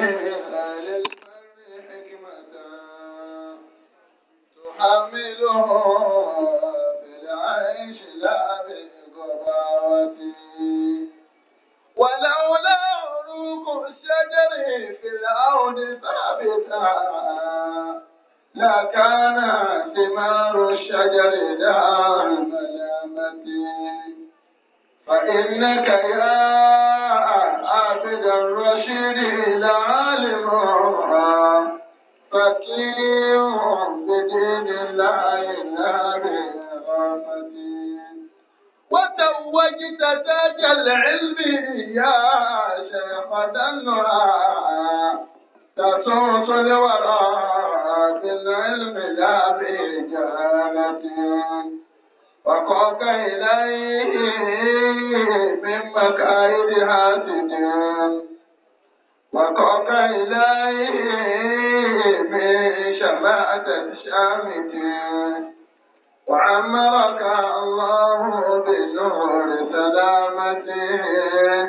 لآل البر حكمة تحمله بالعيش لا بالقباوة ولولا عروق الشجر في العود ثابتا لكان ثمار الشجر دار ملامتي فإنك يا من الرشيد لعلمها فكيهم بدين الله إلا برحمتي وتوجت تاج العلم يا شيخ دنها تسوس الورى بالعلم لا بجهالتي Wakọkọ Wakọkọ ha Wa eeeeaaazia gbaka ọkaeleị Wa eesaae zia kwaakaụlọ ọhụrụ dịsaamateee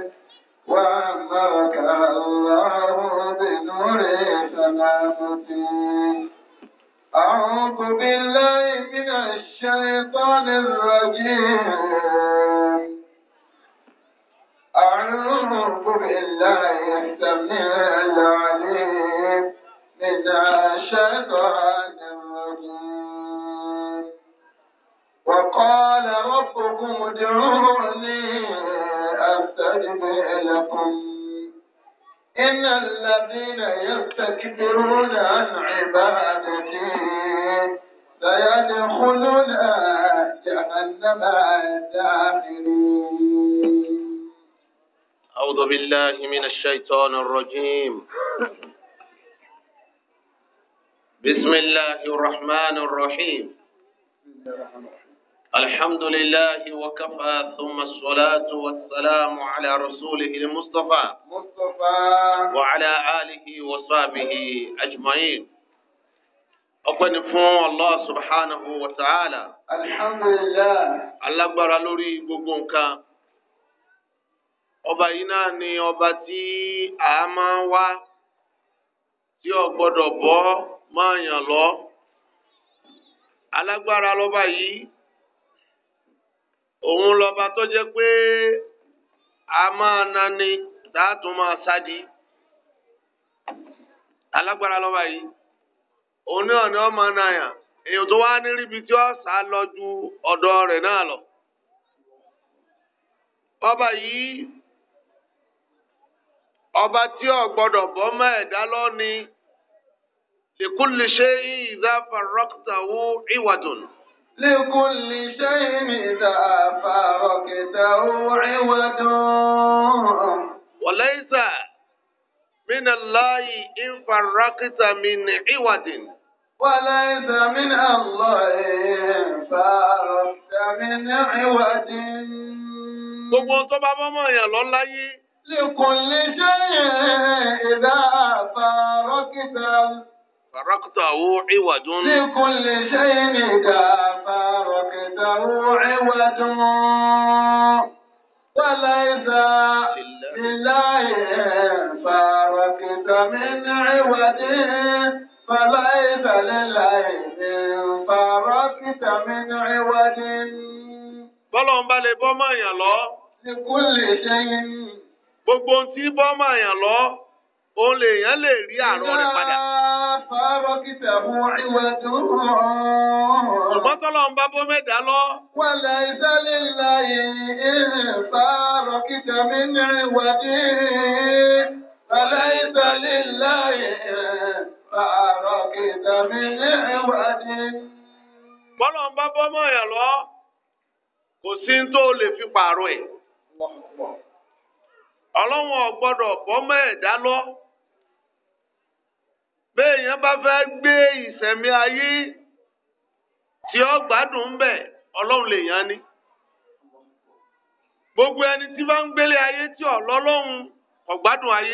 waaaakaụlọọhụrụ dịrụesaaate أعوذ بالله من الشيطان الرجيم أعوذ بالله السميع العليم من الشيطان الرجيم وقال ربكم ادعوني أستجب لكم إن الذين يستكبرون عن عبادتي سيدخلون جهنم الداخلين أعوذ بالله من الشيطان الرجيم بسم الله الرحمن الرحيم الحمد لله وكفى ثم الصلاة والسلام على رسوله المصطفى مصطفى وعلى آله وصحبه أجمعين ọpẹ́ni fún Allah subhanahu wa ta'ala. alhamdulilah. alágbára lórí gbogbo nǹkan. ọba yìí náà ni ọba tí a máa ń wá tí ó gbọ́dọ̀ bọ́ máa yàn lọ. alágbára lọ́ba yìí. òun lọba tó jẹ́ pé a máa nani tá a máa sádi alágbára lọba yìí òun náà ni wọn máa nàyà èèyàn tó wá ní ríbi tí ó sá lọ ju ọ̀dọ̀ rẹ̀ náà lọ ọba yìí ọba tí ó gbọ́dọ̀ bọ mọ ẹ̀dá lọ ni lèkúlè ṣe ìzáfà rọkítàwó ìwàdùn. لكل شيء إذا فاركته عوض وليس من الله إن فرقت من عوض وليس من الله إن فرقت من عوض gbogbo tó bá mọ́mọ́ èèyàn lọ láyé. لكل شيء إذا فارقته فرقته عوج لكل شيء فرقته عوج وليس لله فرقت من عوج فليس لله فرقت من عوج bọ́lọ́n bá lè bọ́ máa yàn lọ. Ìkúlè ṣe yín. Gbogbo ohun tí bọ́ máa yàn lọ, òun lèèyàn lè rí àárọ̀ rẹ̀ padà fárọ́kítàbù ìwà tó hàn. Ṣùgbọ́n tọ́lọ̀ ń bá bó mẹ́ta lọ. Wọ́n lè sálẹ̀ láyé ìhìn fárọ́kítàbù ní ìwà dín. فليس لله فأركت من عوج bọ́lọ̀ ń bá bọ́mọ̀ yẹn lọ kò sí ní tó lè fi pààrọ̀ ẹ̀ ọlọ́wọ́n gbọ́dọ̀ bọ́mọ̀ ẹ̀dá lọ. béèyàn bá fẹ́ gbé ìsẹ̀mí ayé tí ó gbádùn ń bẹ̀ ọlọ́run ni gbogbo ẹni tí bá ń gbélé ayé tí ní ìwádìí. ìrànfà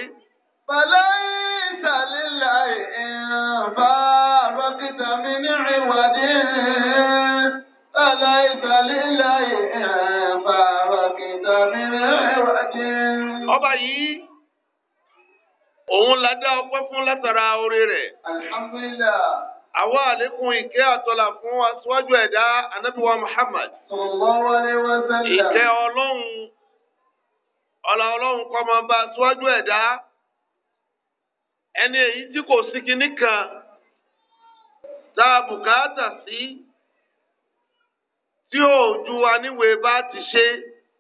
Ọba yìí. òun la dá ọpẹ́ fún látara oore rẹ̀. alhamdulillah. àwa àlékún ìkẹ́ àtọ́là fún aṣíwájú ẹ̀dá anábìwá muhammad. sallallahu alaihi wasallam. ìkẹ́ ọlọ́run ọlá ọlọ́run kọ́ máa bá aṣíwájú ẹ̀dá ẹni èyí tí kò sí kinní kan tá a bùkátà sí tí ó ju wa níwèé bá ti ṣe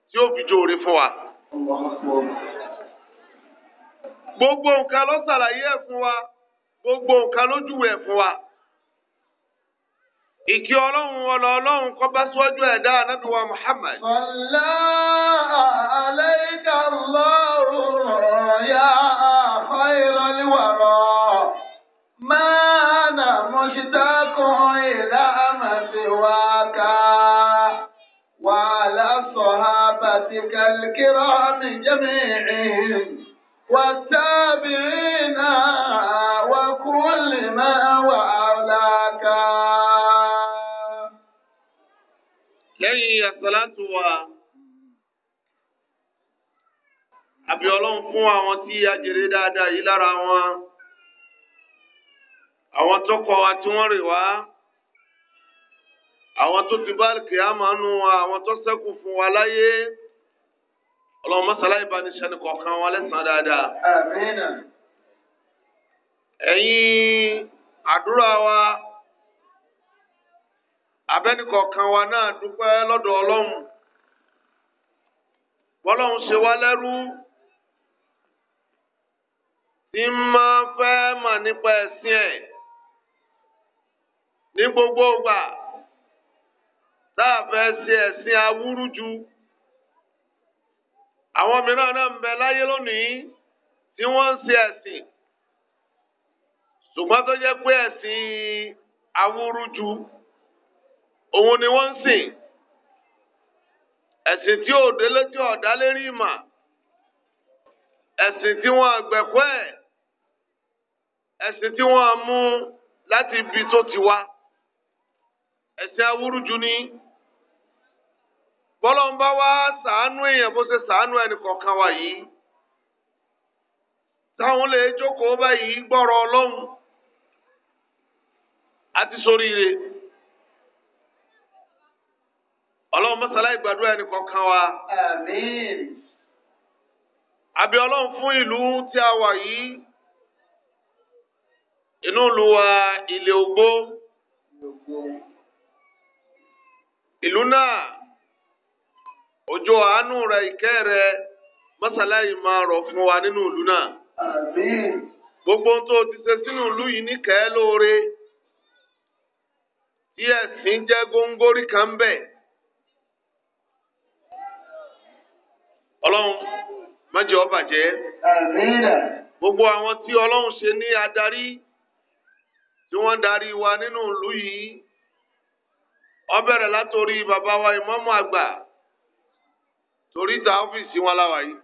tí ó fi jòrè fún wa gbogbo nǹkan ló ṣàlàyé ẹ̀ fún wa gbogbo nǹkan ló júwe ẹ̀ fún wa. Ìkí ọlọ́run ọlọ ọlọ́run kọ́ bá síwájú ẹ̀dá ànábì wa Muhammad. Ọ̀la àlẹ́kà lọ́rùn rọ̀ yá àfọ́ ìrọ̀lẹ́wàrọ̀. Máa mọ̀ṣítákùn ìlà àmàṣíwáká. وعلى صحابتك الكرام جميعهم والتابعين lẹ́yìn àsàlátù wa àbí ọlọ́run fún àwọn tí a jèrè dáadáa yìí lára wọn àwọn tọkọ wa tí wọ́n rè wá àwọn tó ti bá kìámà nù wa àwọn tó ṣẹ́kù fún wa láyé ọlọ́run mọ́sálá ìbánisẹ́ kọ̀ọ̀kan wa lẹ́sàn-án dáadáa. ẹ̀yin àdúrà wa abẹ́nìkọ̀ọ̀kan wa náà dúpẹ́ lọ́dọ̀ ọlọ́run bọ́lọ́run ṣe wá lẹ́rú tí máa fẹ́ mà nípa ẹ̀sìn ẹ̀ ní gbogbo ìgbà tá a fẹ́ ṣe ẹ̀sìn awúrúju àwọn mìíràn náà ń bẹ láyé lónìí tí wọ́n ń ṣe ẹ̀sìn ṣùgbọ́n tó jẹ́ pé ẹ̀sìn awúrúju. òun ni wọ́n ń sìn ẹ̀sìn tí òde délé tí ọ̀dá lérí ìmà ẹ̀sìn tí wọ́n àgbẹ̀kọ́ ẹ̀ ẹ̀sìn tí wọ́n mú láti ibi tó ti wá ẹ̀sìn awúrúju ni bọ́lọ́mbá wá sàánú èèyàn bó ṣe ṣàánú ẹnì kọ̀ọ̀kan wa yìí táwọn lè jókòó báyìí gbọ́rọ̀ ọlọ́run àti sóríire. Ọlọrun mọ́sálá ìgbàdúrà ẹnì kọ̀ọ̀kan wa. àmín. àbí ọlọ́run fún ìlú tí a wà yìí inú ìlú wa ilé ogbó ìlú náà òjò àánú rẹ ìkẹ́ rẹ mọ́sálá yìí máa rọ̀ fún wa nínú ìlú náà. gbogbo ohun tó ti ṣe sínú ìlú yìí níkẹ́ lóore tí ẹ̀sìn jẹ́ góńgórí kan bẹ́ẹ̀. ọlọ́run má jẹ́ ó bàjẹ́. gbogbo àwọn tí ọlọ́run ṣe ní adarí tí wọ́n darí wa nínú ìlú yìí ó bẹ̀rẹ̀ látòrí bàbá wa ìmáàmù àgbà torí ta ọ́fíìsì wọn láwa yìí.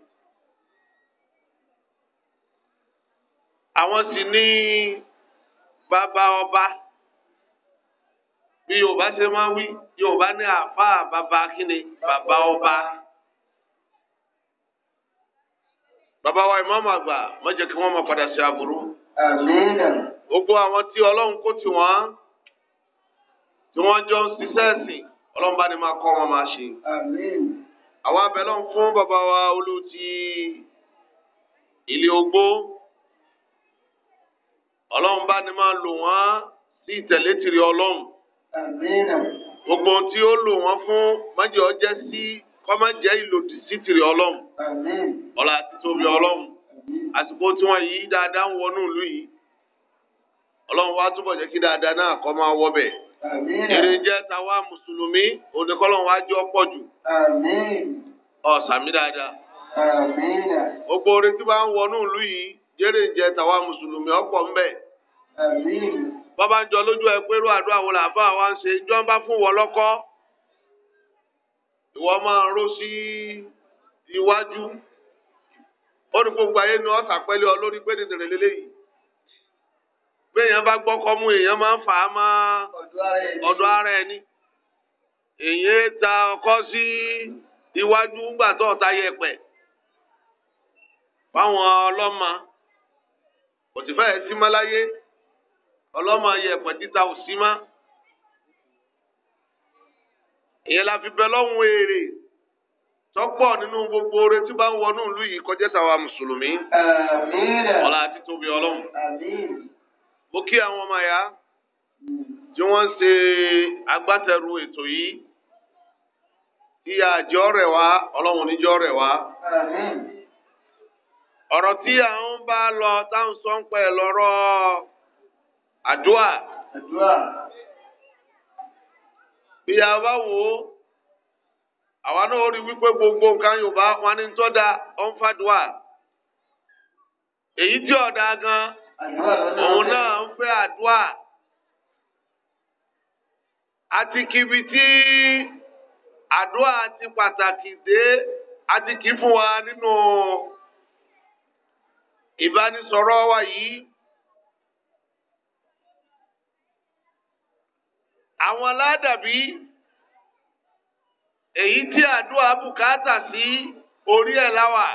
àwọn sì ní bàbá ọba bí yorùbá ṣe máa wí yorùbá ní àáfàá bàbá kíni bàbá ọba. bàbá wa ìmáàmù àgbà má jẹ́ kí wọ́n máa padà sí aburú. gbogbo àwọn tí ọlọ́run kó tì wọ́n tí wọ́n jọ ń ṣiṣẹ́ ẹ̀sìn ọlọ́run bá ní máa kọ́ wọn máa ṣe. àwọn abẹ́lọ́ ń fún bàbá wa olú ti ilé ogbó ọlọ́run bá ní máa lò wọ́n sí ìtẹ̀lé tìrì ọlọ́run. gbogbo tí ó lò wọ́n fún má jẹ́ sí kọ́mọ jẹ́ ìlòdì sí tìrì ọlọ́run ọlá àti tóbi ọlọ́run àsìkò tí wọ́n yí dáadáa ń wọnú ìlú yìí ọlọ́run wá túbọ̀ jẹ́ kí dáadáa náà kọ́ máa wọ bẹ̀. ìrìnjẹ́ tàwa mùsùlùmí oníkọ́lọ́run wá jọ pọ̀ jù ọ̀sàmí dáadáa. gbogbo orin tí bá ń wọnú ìlú yìí jẹ́rìnjẹ́ tàwa mùsùlùmí ọ̀pọ̀ ń bẹ̀. bàbá ń jọ lójú ẹ pé irú àdúrà wo làbá wa ń ṣe ìjọba ìwọ máa ró sí iwájú ó ní gbogbo ayé ni ọ̀sà pẹ́lẹ́ ọ lórí pé nìdìrín lélẹ́yìí béèyàn bá gbọ́ kọ́mú èèyàn máa ń fà á mọ́ ọ̀dọ̀ ara ẹni èèyàn e ta ọkọ́ sí iwájú ńgbà tó ọ̀tá yẹpẹ̀ fáwọn ọlọ́mọ kò sì fẹ́ẹ̀ sí mọ́ láyé ọlọ́mọ yẹpẹ̀ títa ò sí mọ́ èyàn la fi bẹ lọ́hùn èrè tọ́pọ̀ nínú gbogbo oore tí bá ń wọnú ìlú yìí kọjá sáwa mùsùlùmí. ọlá àti tóbi ọlọ́run. mo kí àwọn ọmọ ya tí wọ́n ṣe agbátẹrù ètò yìí ìyá àjọ rẹ̀ wá ọlọ́run níjọ́ rẹ̀ wá. ọ̀rọ̀ tí à ń bá lọ táwọn sọ ń pẹ́ lọ́rọ̀ àdúà. ìyá wa wò ó àwa náà rí wípé gbogbo nǹkan yorùbá wọn ni tó da ọ̀nfàdùà èyí tí ọ̀dà gan òun náà ń fẹ́ àdúà àti kìbi tí àdúà ti pàtàkì dé àti kì í fún wa nínú ìbánisọ̀rọ̀ wa yìí. àwọn aládàbí èyí tí àdúrà bùkátà sí orí ẹ̀ láwà.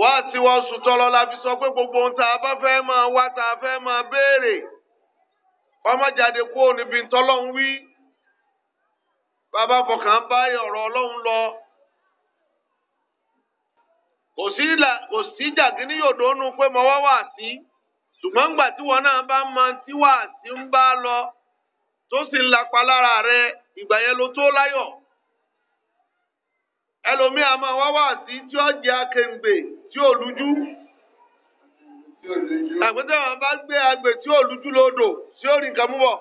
wá tí wọ́n sùn tọ́lọ la fi sọ pé gbogbo ohun tá a bá fẹ́ máa wá tá a fẹ́ máa béèrè kọ́mọ́jáde kúrò níbi tọ́lọ́hún wí bàbá fọkàn bá ọ̀rọ̀ ọlọ́run lọ kò sí ìjà yòdó nu pé mo wá wà sí. ṣùgbọ́n gbà tí wọn náà bá máa tí wà tí ń bá lọ tó sì ń lapa lára rẹ ìgbà yẹn ló tó láyọ̀ ẹlòmíì a máa wá wà sí tí ó jẹ akèǹgbè tí ò lújú àgbẹ̀tẹ̀ wọn bá gbé agbè tí ò lújú lódò tí ó rí nǹkan mú bọ̀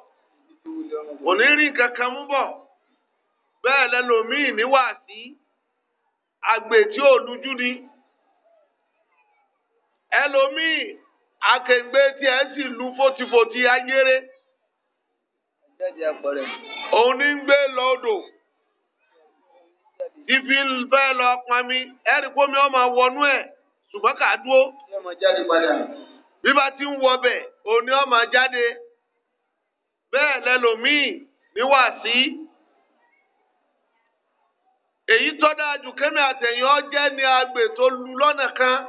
kò ní rí ni akengbe tí ẹ sì lu fótifóti ayére òun ní ibi bẹ́ẹ̀ lọ pami ẹ̀rí pómi ọmọ wọnú ẹ̀ ṣùgbọ́n kà dúró bí ti ń ni ọmọ jáde níwà sí èyí tọ́ dáa jù kẹ́mi ni agbè tó lu lọ́nà kan.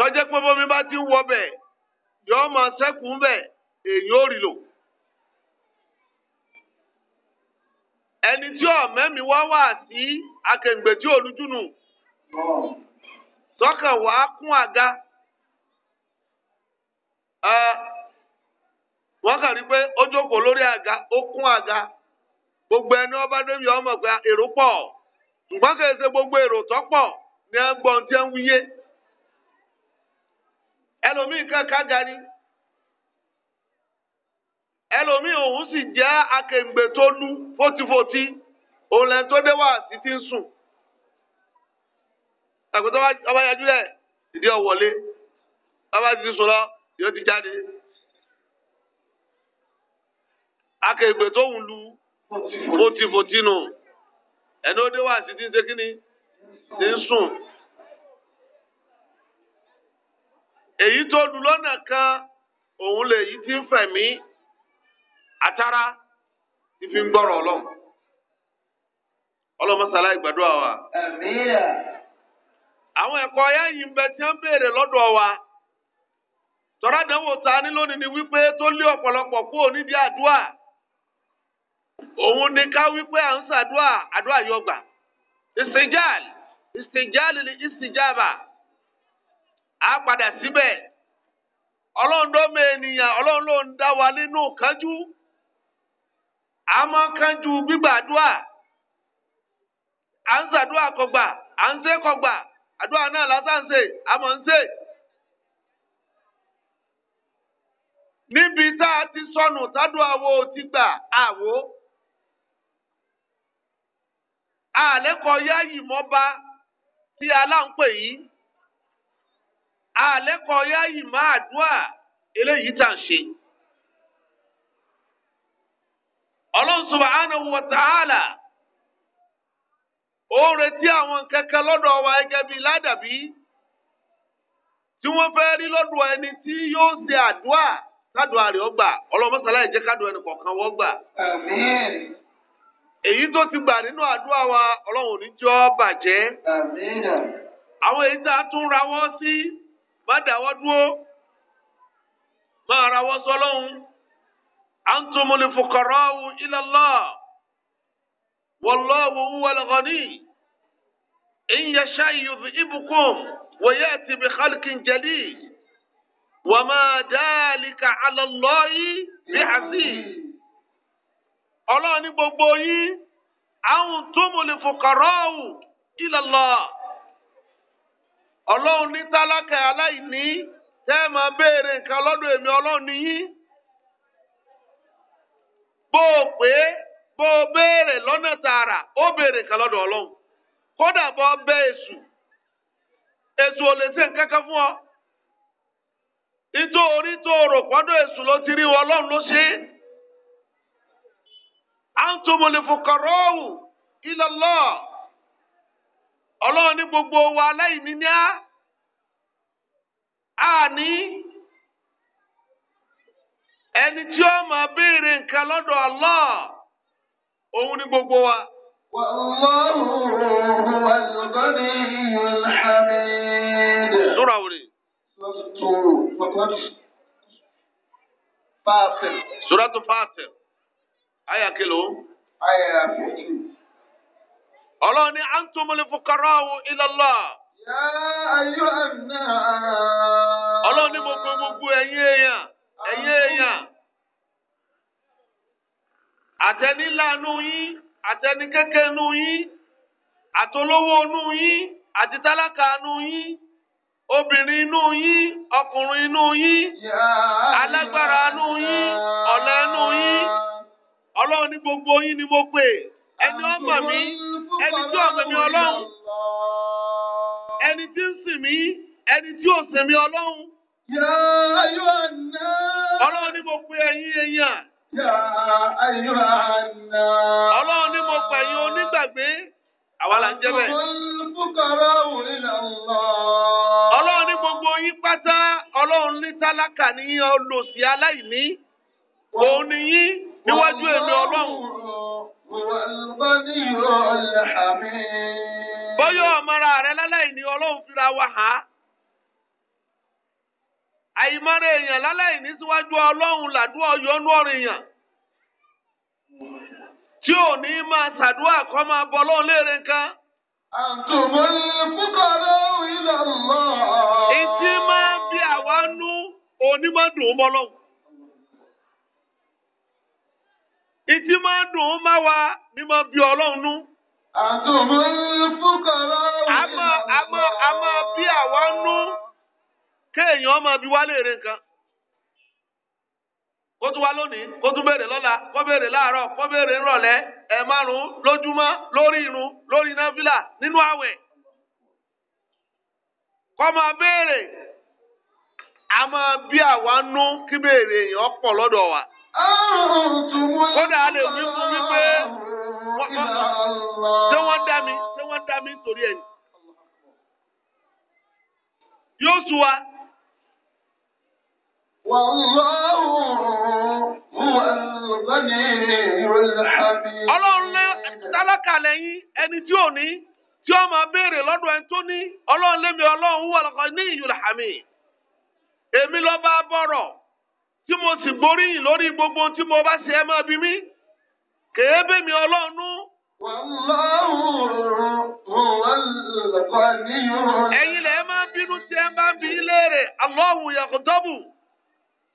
tọ́jẹ́ pé bómi bá ti ń wọ bẹ̀ yọọ máa sẹ́kùn bẹ̀ èyí ò rí lò. ẹni tí ọ mẹ́mi wá wà sí akẹ̀ǹgbẹ̀ tí olùjúnù tọkàn wá kún àga wọ́n rí pé ó jókòó lórí gbogbo ẹni ọba ọmọ èrò pọ̀ ṣùgbọ́n gbogbo ẹlòmíì kankan gani ẹlòmíì òun sì jẹ́ akèǹgbè tó lu fótífótí òun lẹ́nu tó dé wá sí ti ń sùn àgùntàn ọba yẹjú rẹ̀ ìdí ọ̀wọ́lé ọba ti sùn lọ yóò ti jáde tó ń lu fótífótí nù ẹni ó dé wá sí èyí tó lù lọ́nà kan òun lè yí ti ń fẹ̀mí àtàrà tí fi ń gbọ́rọ̀ ọlọ́run ìgbàdúrà wa. àwọn ẹ̀kọ́ ayé yìí ń bẹ tí wọ́n béèrè lọ́dọ̀ wa ta ni wípé tó lé ọ̀pọ̀lọpọ̀ òun ni ká wípé à ń yọgbà ìsìnjáàlì ìsìnjáàlì ni ìsìnjáàbà. a padà síbẹ̀ ọlọ́run ló mọ ènìyàn ọlọ́run ló ń dá wa nínú àmọ́ gbígbàdúà à ń ṣàdúà kọgbà à ń ṣe kọgbà àdúà náà látàǹṣe àmọ́ ń ṣe. níbi tá a ti sọnù tádùn àwo ti gbà àlẹ́kọ̀ọ́ yá yìí má àdúrà eléyìí tà ń ṣe. ọlọ́run subhanahu wa ta'ala ó retí àwọn kẹ̀kẹ́ lọ́dọ̀ wa gẹ́gẹ́ ládàbí tí wọ́n fẹ́ rí lọ́dọ̀ ẹni tí yóò ṣe àdúrà kádùn àrè ọgbà ọlọ́run mọ́sálá ìjẹ́ kádùn ẹni kọ̀ọ̀kan èyí tó ti gbà nínú wa ọlọ́run ò ní jọ́ bàjẹ́. Si, má dáwọ́ dúró máa rawọ́ sọlọ́hún antumul fuqara'u ila Allah wallahu huwal ghani in yasha yudhhibukum wa ya'ti bi khalqin jadid wa ma dhalika ala Allahi bi'aziz ọlọ́run ní gbogbo yín antumul fuqara'u ila Allah. ọlọ́run ní tálákà aláìní tẹ́ ẹ máa béèrè nǹkan lọ́dọ̀ èmi ọlọ́run nìyí. bó o pé bó o béèrè lọ́nà tààrà ó béèrè nǹkan lọ́dọ̀ ọlọ́run kódà bó o èsù ò lè ṣe nǹkan kan fún ọ. nítorí tó o rò pọ́dọ̀ ọlọ́run ní gbogbo wa aláìní ní á àní ẹni tí ó máa béèrè nǹkan lọ́dọ̀ Allah òun ní gbogbo wa. Wallahu huwal ghaniyyul hamid. Sura wòle. Suratul Fatir. Aya Ọlọọni ní antumuli fukara o ilọ́lá. ọlọ́run ní mo pe gbogbo ẹ̀yin èèyàn ẹ̀yin èèyàn àtẹniláàánú yín àtẹnikẹ́kẹ́nu yín àtolówónú yín obìnrin inú yín ọkùnrin inú yín alágbára inú yín inú ni mo pè ẹni tí ọ̀sẹ̀ mi ọlọ́run ẹni tí ń sìn mí ẹni tí ọ̀sẹ̀ mi ọlọ́run. ọlọ́run ni mo pe ẹyin ẹ̀yin èèyàn. ọlọ́run ni mo pe ẹ̀yin onígbàgbé àwa là ń jẹ́ bẹ́ẹ̀. ọlọ́run ní gbogbo yín pátá ọlọ́run ní tálákà ní ọlọ́sí aláìní òun ni yín. níwájú èmi ọlọ́run. bọ́yọ̀ ọmọra rẹ ọlọ́run fira wa ha. èèyàn ní síwájú ọlọ́run làdúrà ọ̀rọ̀ èèyàn. tí ò ní máa ṣàdúrà kọ́ máa bọ́ ọlọ́run léèrè nǹkan. àtùmọ̀ ìfúkọ̀rọ̀ ìlànà. ìtì máa ń bí àwa nú onímọ̀dùn ìdí máa dùn ó máa wá mímọ bí ọlọ́run nú. àtùmọ̀ fúkọ̀rọ̀ òye àmọ́ àmọ́ bí àwa nú kéèyàn ọmọ bí wálé rè nǹkan kó tún wá lónìí kó tún béèrè lọ́la kó béèrè láàárọ̀ kó béèrè nrọ̀lẹ́ ẹ̀ márùn-ún lójúmọ́ lórí irun wa. kódà lè wí fún mi pé ṣé wọ́n dá mi ṣé wọ́n dá mi nítorí yóò wa. ọlọ́run lé tálákà lẹ́yìn ẹni tí ò ní tí ó máa béèrè lọ́dọ̀ ẹni tó ní ọlọ́run lémi ọlọ́run ní èmi tí mo sì gbóríyìn lórí gbogbo tí mo bá ṣe ẹ máa bí mi kèé bèmí ọlọ́ọ̀nù. ẹ̀yin lè máa bínú tí ẹ bá ń bí léèrè Allahu yàgòdọ́bù.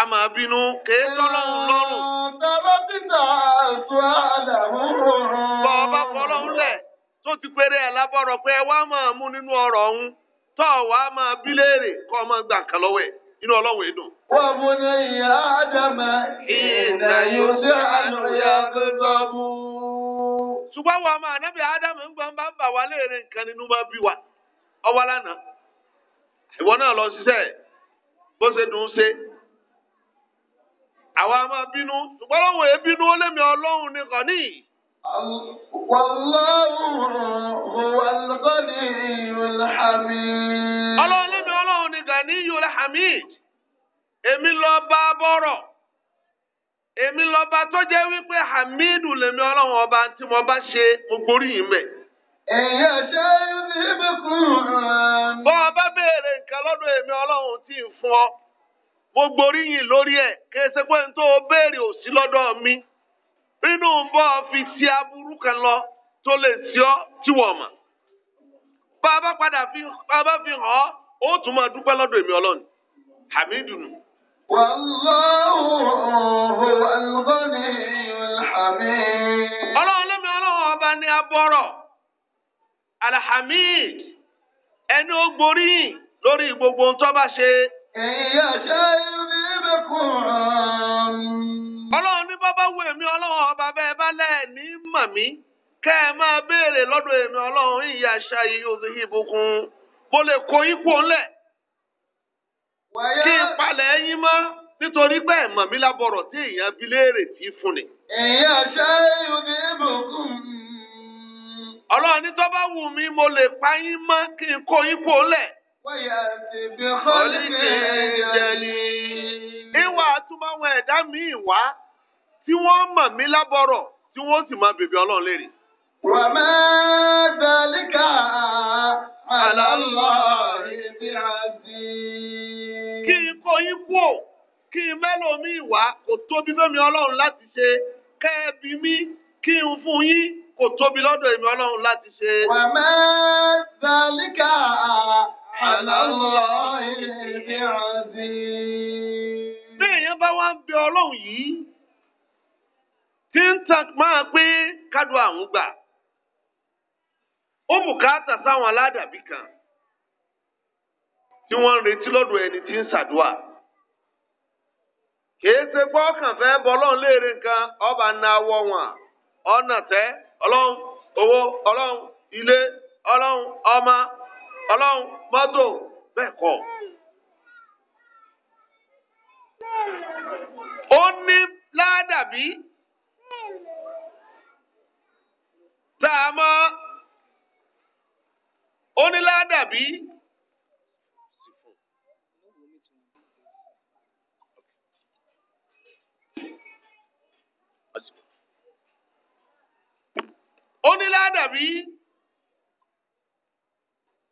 a máa bínú kèé tọ́lọ́run lọ́rùn. tọ́lọ́ títà àtú àdàmú òrùn. bọ́ ọba fọlọ́hún lẹ̀ tó ti péré ẹ̀ pé ẹ wá máa mú nínú ọ̀rọ̀ ọ̀hún tọ́ wàá máa bí léèrè kọ́ ọ máa gbà kan lọ́wọ́ ẹ̀ inú ọlọ́run dùn. wọ́n mú ní ìyá ìdá yóò ṣe àlùyà mú. ṣùgbọ́n máa ádámù ń gbọ́n wa ọwọ́ lánàá ìwọ náà lọ ṣiṣẹ́ bó ṣe dùn àwa máa bínú ṣùgbọ́n lóun èé bínú ó lémi ọlọ́run nìkan ní. ọlọ́run lémi ọlọ́run hamid èmi lọ bá bọ́rọ̀ èmi lọ bá tó jẹ́ wípé hamidu lèmi ọlọ́run ọba tí mo bá ṣe mo ime. mẹ́. Èyàn ṣe é ní Bọ́ ọ bá béèrè nǹkan lọ́dọ̀ èmi ọlọ́run tí ì ọ. mo gboríyìn lórí ẹ kí ẹsẹ̀ pé n tó o béèrè òsì mi nínú ọ fi ti aburú kan lọ tó lè sí ọ tí wọ́n mọ̀ bá a bá padà fi bá a bá fi hàn ọ́ ó tún máa èmi hamidu nù. ọlọ́run lẹ́mi ọlọ́run ọba ní abọ́rọ̀ alhamid ẹni ó gboríyìn lórí gbogbo ohun tó bá ṣe. ọlọ́run ní bá bá wù èmi ọlọ́run ọba bẹ́ẹ̀ bá lẹ́ẹ̀ní mọ̀ mí kẹ́ ẹ máa béèrè lọ́dọ̀ èmi ọlọ́run ìyá aṣá yìí oṣù ìbùkún mo lè kó yín kó ńlẹ̀ kí n palẹ̀ ẹyin mọ́ nítorí pé ẹ̀mọ̀ mi lábọ̀rọ̀ tí èèyàn fi léèrè tí fún ni. ìyá aṣá yìí oṣù ìbùkún. ọlọ́run ní tó bá wù mí mo lè pa yín mọ́ kí n kó yín kó ńlẹ̀. wáyàtì bí kọ́líkì jẹ́lì. ìwà àtúmọ̀ àwọn ẹ̀dá míì wá tí wọ́n mọ̀ mí lábọ̀rọ̀ tí wọ́n sì máa bèbè ọlọ́run lérè. wà á máa dàlíkà àlàlọ́ ìbí àdì. kí n kó yín kú ò kí n mẹ́lò mi wá kò tóbi fẹ́mi ọlọ́run láti ṣe kẹ́ẹ̀bí mi kí n fún yín kò tóbi lọ́dọ̀ èmi ọlọ́run láti ṣe. wà á máa على الله بعزيز bí èèyàn bá wá ń bẹ ọlọ́run yìí tí ń ta máa pé kádùn àwọn gbà ó bùkátà sáwọn aládàbí kan tí wọ́n retí lọ́dọ̀ ẹni tí ń ṣàdúà Kèé ṣe fẹ́ ọba na awọ wọn ọ̀nà tẹ́ ọlọ́run owó ọlọ́run ilé ọlọ́run ọmọ ọlọ́run mọ́tò bẹ́ẹ̀ kọ́. ó ní ládàbí tá a mọ́ ó ní ládàbí. ó ní ládàbí.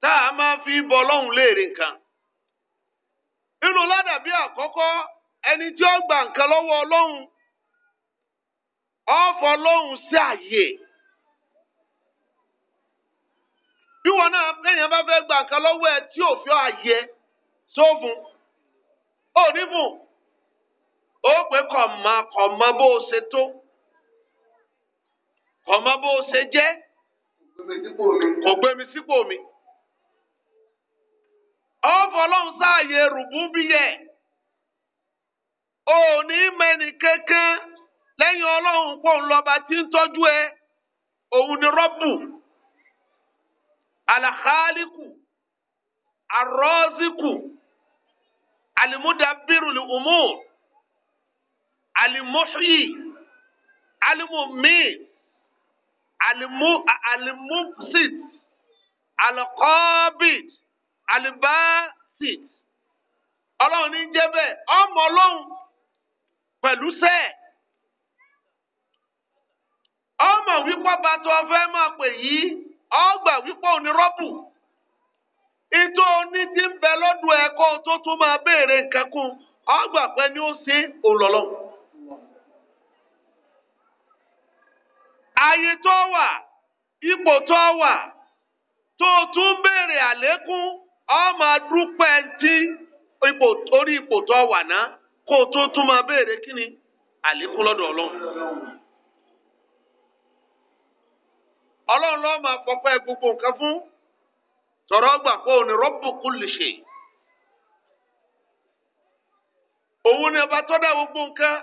tá a máa fi bọ lọ́hùn léèrè nǹkan. nínú ládàbí àkọ́kọ́ ẹni tí ó gba nǹkan lọ́wọ́ ọlọ́hùn ọ̀fọ̀ ọlọ́hùn sí àyè. bí wọn náà kéèyàn bá fẹ́ gba nǹkan lọ́wọ́ ẹ tí òfin àyè sófun ó ní fún ó pé kọ̀mọ kọ̀mọ bó o ṣe tó kọ̀mọ bó o ṣe jẹ́ kò gbé mi sípò mi. ọ̀fọ̀ ọlọ́run sáàyè rùbúbíyẹ̀ òní mẹ́ni kankan lẹ́yìn ọlọ́run pọ̀ ńlọba tí ń tọ́jú ẹ òun ni rọ́bù alakhaliku arọ́ziku alimudabiru li umur alimuhyi alimumi alimu alimufsit alakọ́bìtì. alibasit ọlọ́run ní jẹ́ ọmọ ọlọ́run pẹ̀lú sẹ́ẹ̀ ọmọ wípọ́ bá tó o máa pè yìí ọgbà wípọ́ òní rọ́bù ìtò ń bẹ lọ́dún ẹ̀kọ́ tó tún máa béèrè nǹkan kún ọgbà pẹ́ ni ó ọ máa dúpẹ́ tí orí ipò tó wà ná kó o tó tún máa béèrè kí ni àlékún lọ́dọ̀ ọlọ́run. ọlọ́run lọ́ọ́ máa pọpẹ́ gbogbo nǹkan fún tọ̀rọ̀ ọgbà lè ṣe. gbogbo nǹkan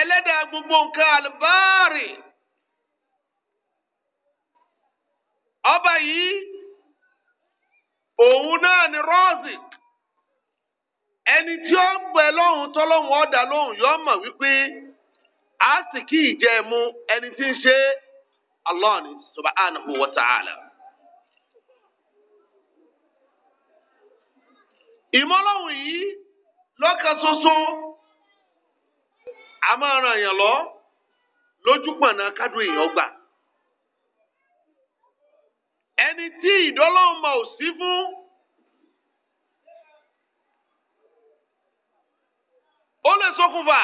ẹlẹ́dàá gbogbo nǹkan ọba yìí òun náà ni rọ́ọ̀sìk ẹni tí ó ń gbẹ lóhùn tó lóhùn ọ̀dà lóhùn yọ mọ̀ wípé a sì kí ìjẹ̀mú ẹni tí ń ṣe Allah ni subhanahu wa ta'ala. ìmọ̀lọ́hùn yìí lọ́kàn ṣoṣo a máa ràn yàn lọ lójú pọ̀nà kádùn èèyàn gbà. ẹni tí ìdọ́lọ́mọ ò sí fún. ó lè ṣokùnfà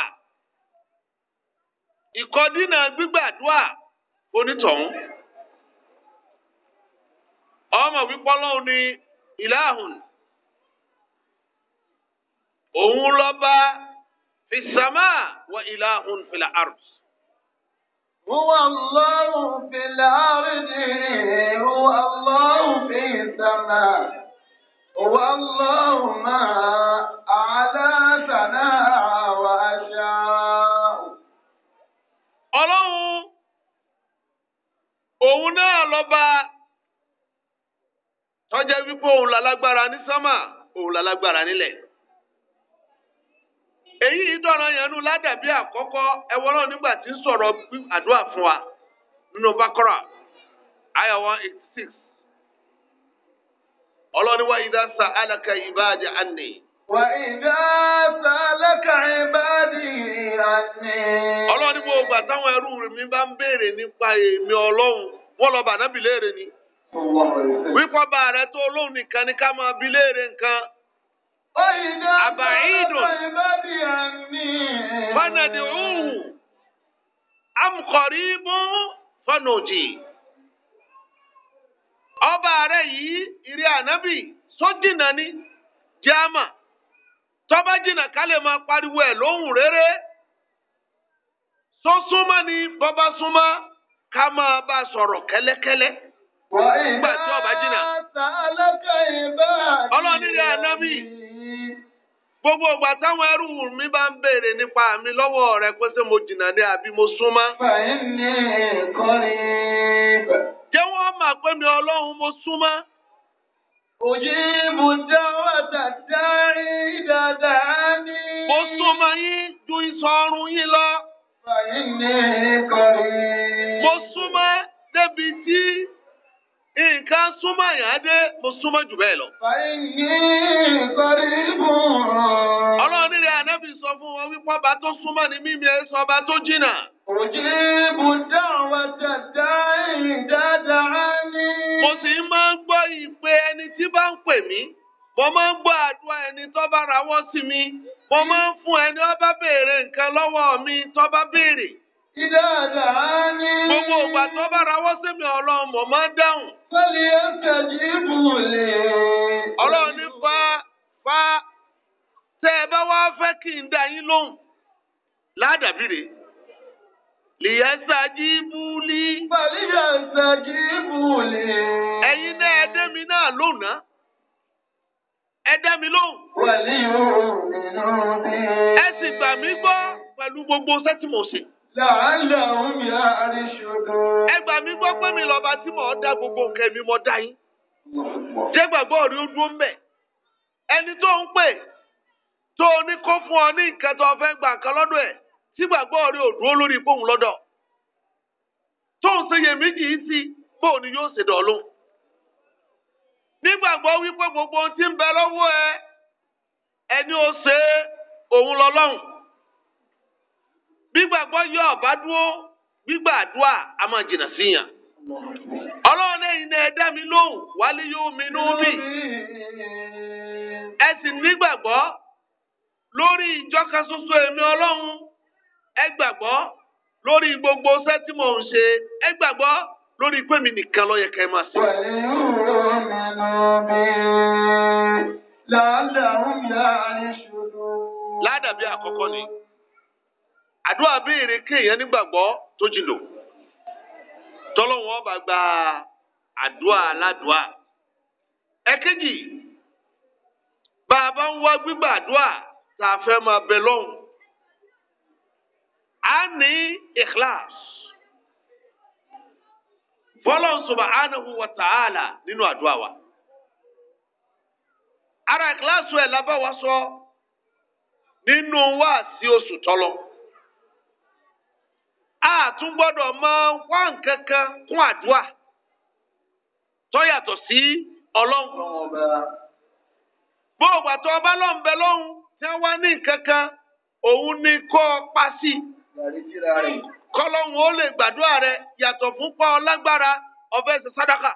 ìkọdínà gbígbàdúà onítọ̀hún ọmọ wípọ́ lọ́hùn ìlàhùn òun lọ́ba fìsàmà wọ ìlàhùn fìlà àrùs. هو الله في الأرض هو الله في السماء هو الله ما أعلى ثناء وأشاء ọlọ́run òun náà lọ́ba tọ́jẹ́ wípé òun lálágbára ní sọ́mà, òun lálágbára nílẹ̀. èyí dọ̀rọ̀ yenu nu ládàbí àkọ́kọ́ ẹ̀wọ́rọ̀ nígbà tí ń sọ̀rọ̀ àdúrà fún wa nínú bákọ́rà ayọ̀ one eighty wa ìdá alaka ìbáàdì ànì. wà ìdá táwọn ẹrú mi bá ń béèrè nípa èmi ọlọ́run wọ́n lọ bàdánbì léèrè ni. wípọ́ tó olóhùn nìkan ni ká máa nǹkan. أبعيد فندعوه أم قريب فنجيب ọba rẹ yìí ìrẹ ànábì sójìnà ni jama tọba jina ká lè pariwo ẹ lóhùn rere sọsúnmọ ni bọba súnmọ ká máa bá Ọba ọba gbogbo ìgbà táwọn ẹrú mi bá ń béèrè nípa mi lọ́wọ́ rẹ pé ṣé mo jìnnà ní àbí mo súnmọ́. fàyẹ̀mí kọ́ni. jẹ́ wọ́n mọ̀ pé mi ọlọ́run mo súnmọ́. òye mo dáwọ́ tàdárí dáadáa ní. mo súnmọ́ yín ju yín lọ. fàyẹ̀mí mo súnmọ́ débi tí. nǹkan súnmọ́ àyàn dé mo súnmọ́ jù bẹ́ẹ̀ lọ. ọlọ́run nílẹ̀ ànábì sọ fún wọn wípé ọba tó súnmọ́ ni mímí ẹ sọ ọba tó jìnnà. òjìbù dáhùn wa dáadáa dáadáa ní. mo sì máa ń gbọ́ ìpè ẹni tí bá ń pè mí mo máa ń gbọ́ àdúrà ẹni tó bá rawọ́ sí mi mo máa ń fún ẹni ó bá béèrè nǹkan lọ́wọ́ mi tó bá béèrè. Gbogbo ìgbà tó bá rawọ́ sí mi ọlọ́run mọ̀ máa ń dáhùn. Sọ́lì ẹ̀sẹ̀ yìí lè. Ọlọ́run ní fa fa tẹ́ ẹ bá wá fẹ́ kí n dá yín lóhùn ládàbí rèé lìyẹ ṣàjìbù lì. Bàlíyà ṣàjìbù lì. Ẹ̀yin náà ẹdẹ́ mi náà lónàá. Ẹdẹ́ mi lóhùn. Wàlíyù mi ló dé. Ẹ sì gbà mí gbọ́ pẹ̀lú gbogbo sẹ́tìmọ̀sì làálàhùn yà àríṣọdún. ẹ gbà mí gbọ́ pé mi lọ́ba tí mò ń dá gbogbo nǹkan mi mọ́ dá yín. ṣé gbàgbọ́ rí ó dúró mbẹ̀? ẹni tó ń pè tó o ní kó fún ọ ní nǹkan tó o fẹ́ gbà kan lọ́dọ̀ ẹ̀ tí gbàgbọ́ rí ó dúró lórí bóun lọ́dọ̀. tó ń ṣe iyèméjì yìí sí bóun ni yóò ṣe dọ̀ọ́lù. nígbàgbọ́ wípé gbogbo ohun tí ń bẹ lọ́wọ́ ẹ ẹni ó ṣe òun lọ́lọ́run gbígbàgbọ́ yọ ọ̀bá dúró gbígbà àdúrà a máa jìnnà síyàn. ọlọ́run lẹ́yìn náà ẹ dá mi lóhùn wálé yóò mi nú mi. ẹ sì nígbàgbọ́ lórí ìjọ kan ṣoṣo èmi ọlọ́run ẹ gbàgbọ́ lórí gbogbo iṣẹ́ tí mò ń ṣe ẹ gbàgbọ́ lórí pé mi nìkan ló yẹ ká ẹ máa ṣe. ládàbí àkọ́kọ́ ni. àdúrà béèrè kéèyàn nígbàgbọ́ tó jìnnà tọ́lọ́wọ́ bá gba àdúrà aládùá ẹ̀kejì bá a bá ń wá gbígbà àdúrà a fẹ́ máa bẹ lọ́hùn a ní ikhlas fọlọ́n subhanahu wa ta'ala nínú àdúrà wa ara ẹ̀ wa sọ nínú a tún gbọdọ mọ wá nǹkan kan kún àdúrà tó yàtọ̀ sí ọlọ́run. bó o tó ọba bẹ tí wọ́n wá ní nǹkan òun ni kọ pa sí ó lè gbàdúrà rẹ yàtọ̀ fún pọ́ ọ lágbára ọ̀fẹ́ ṣe sádàkà.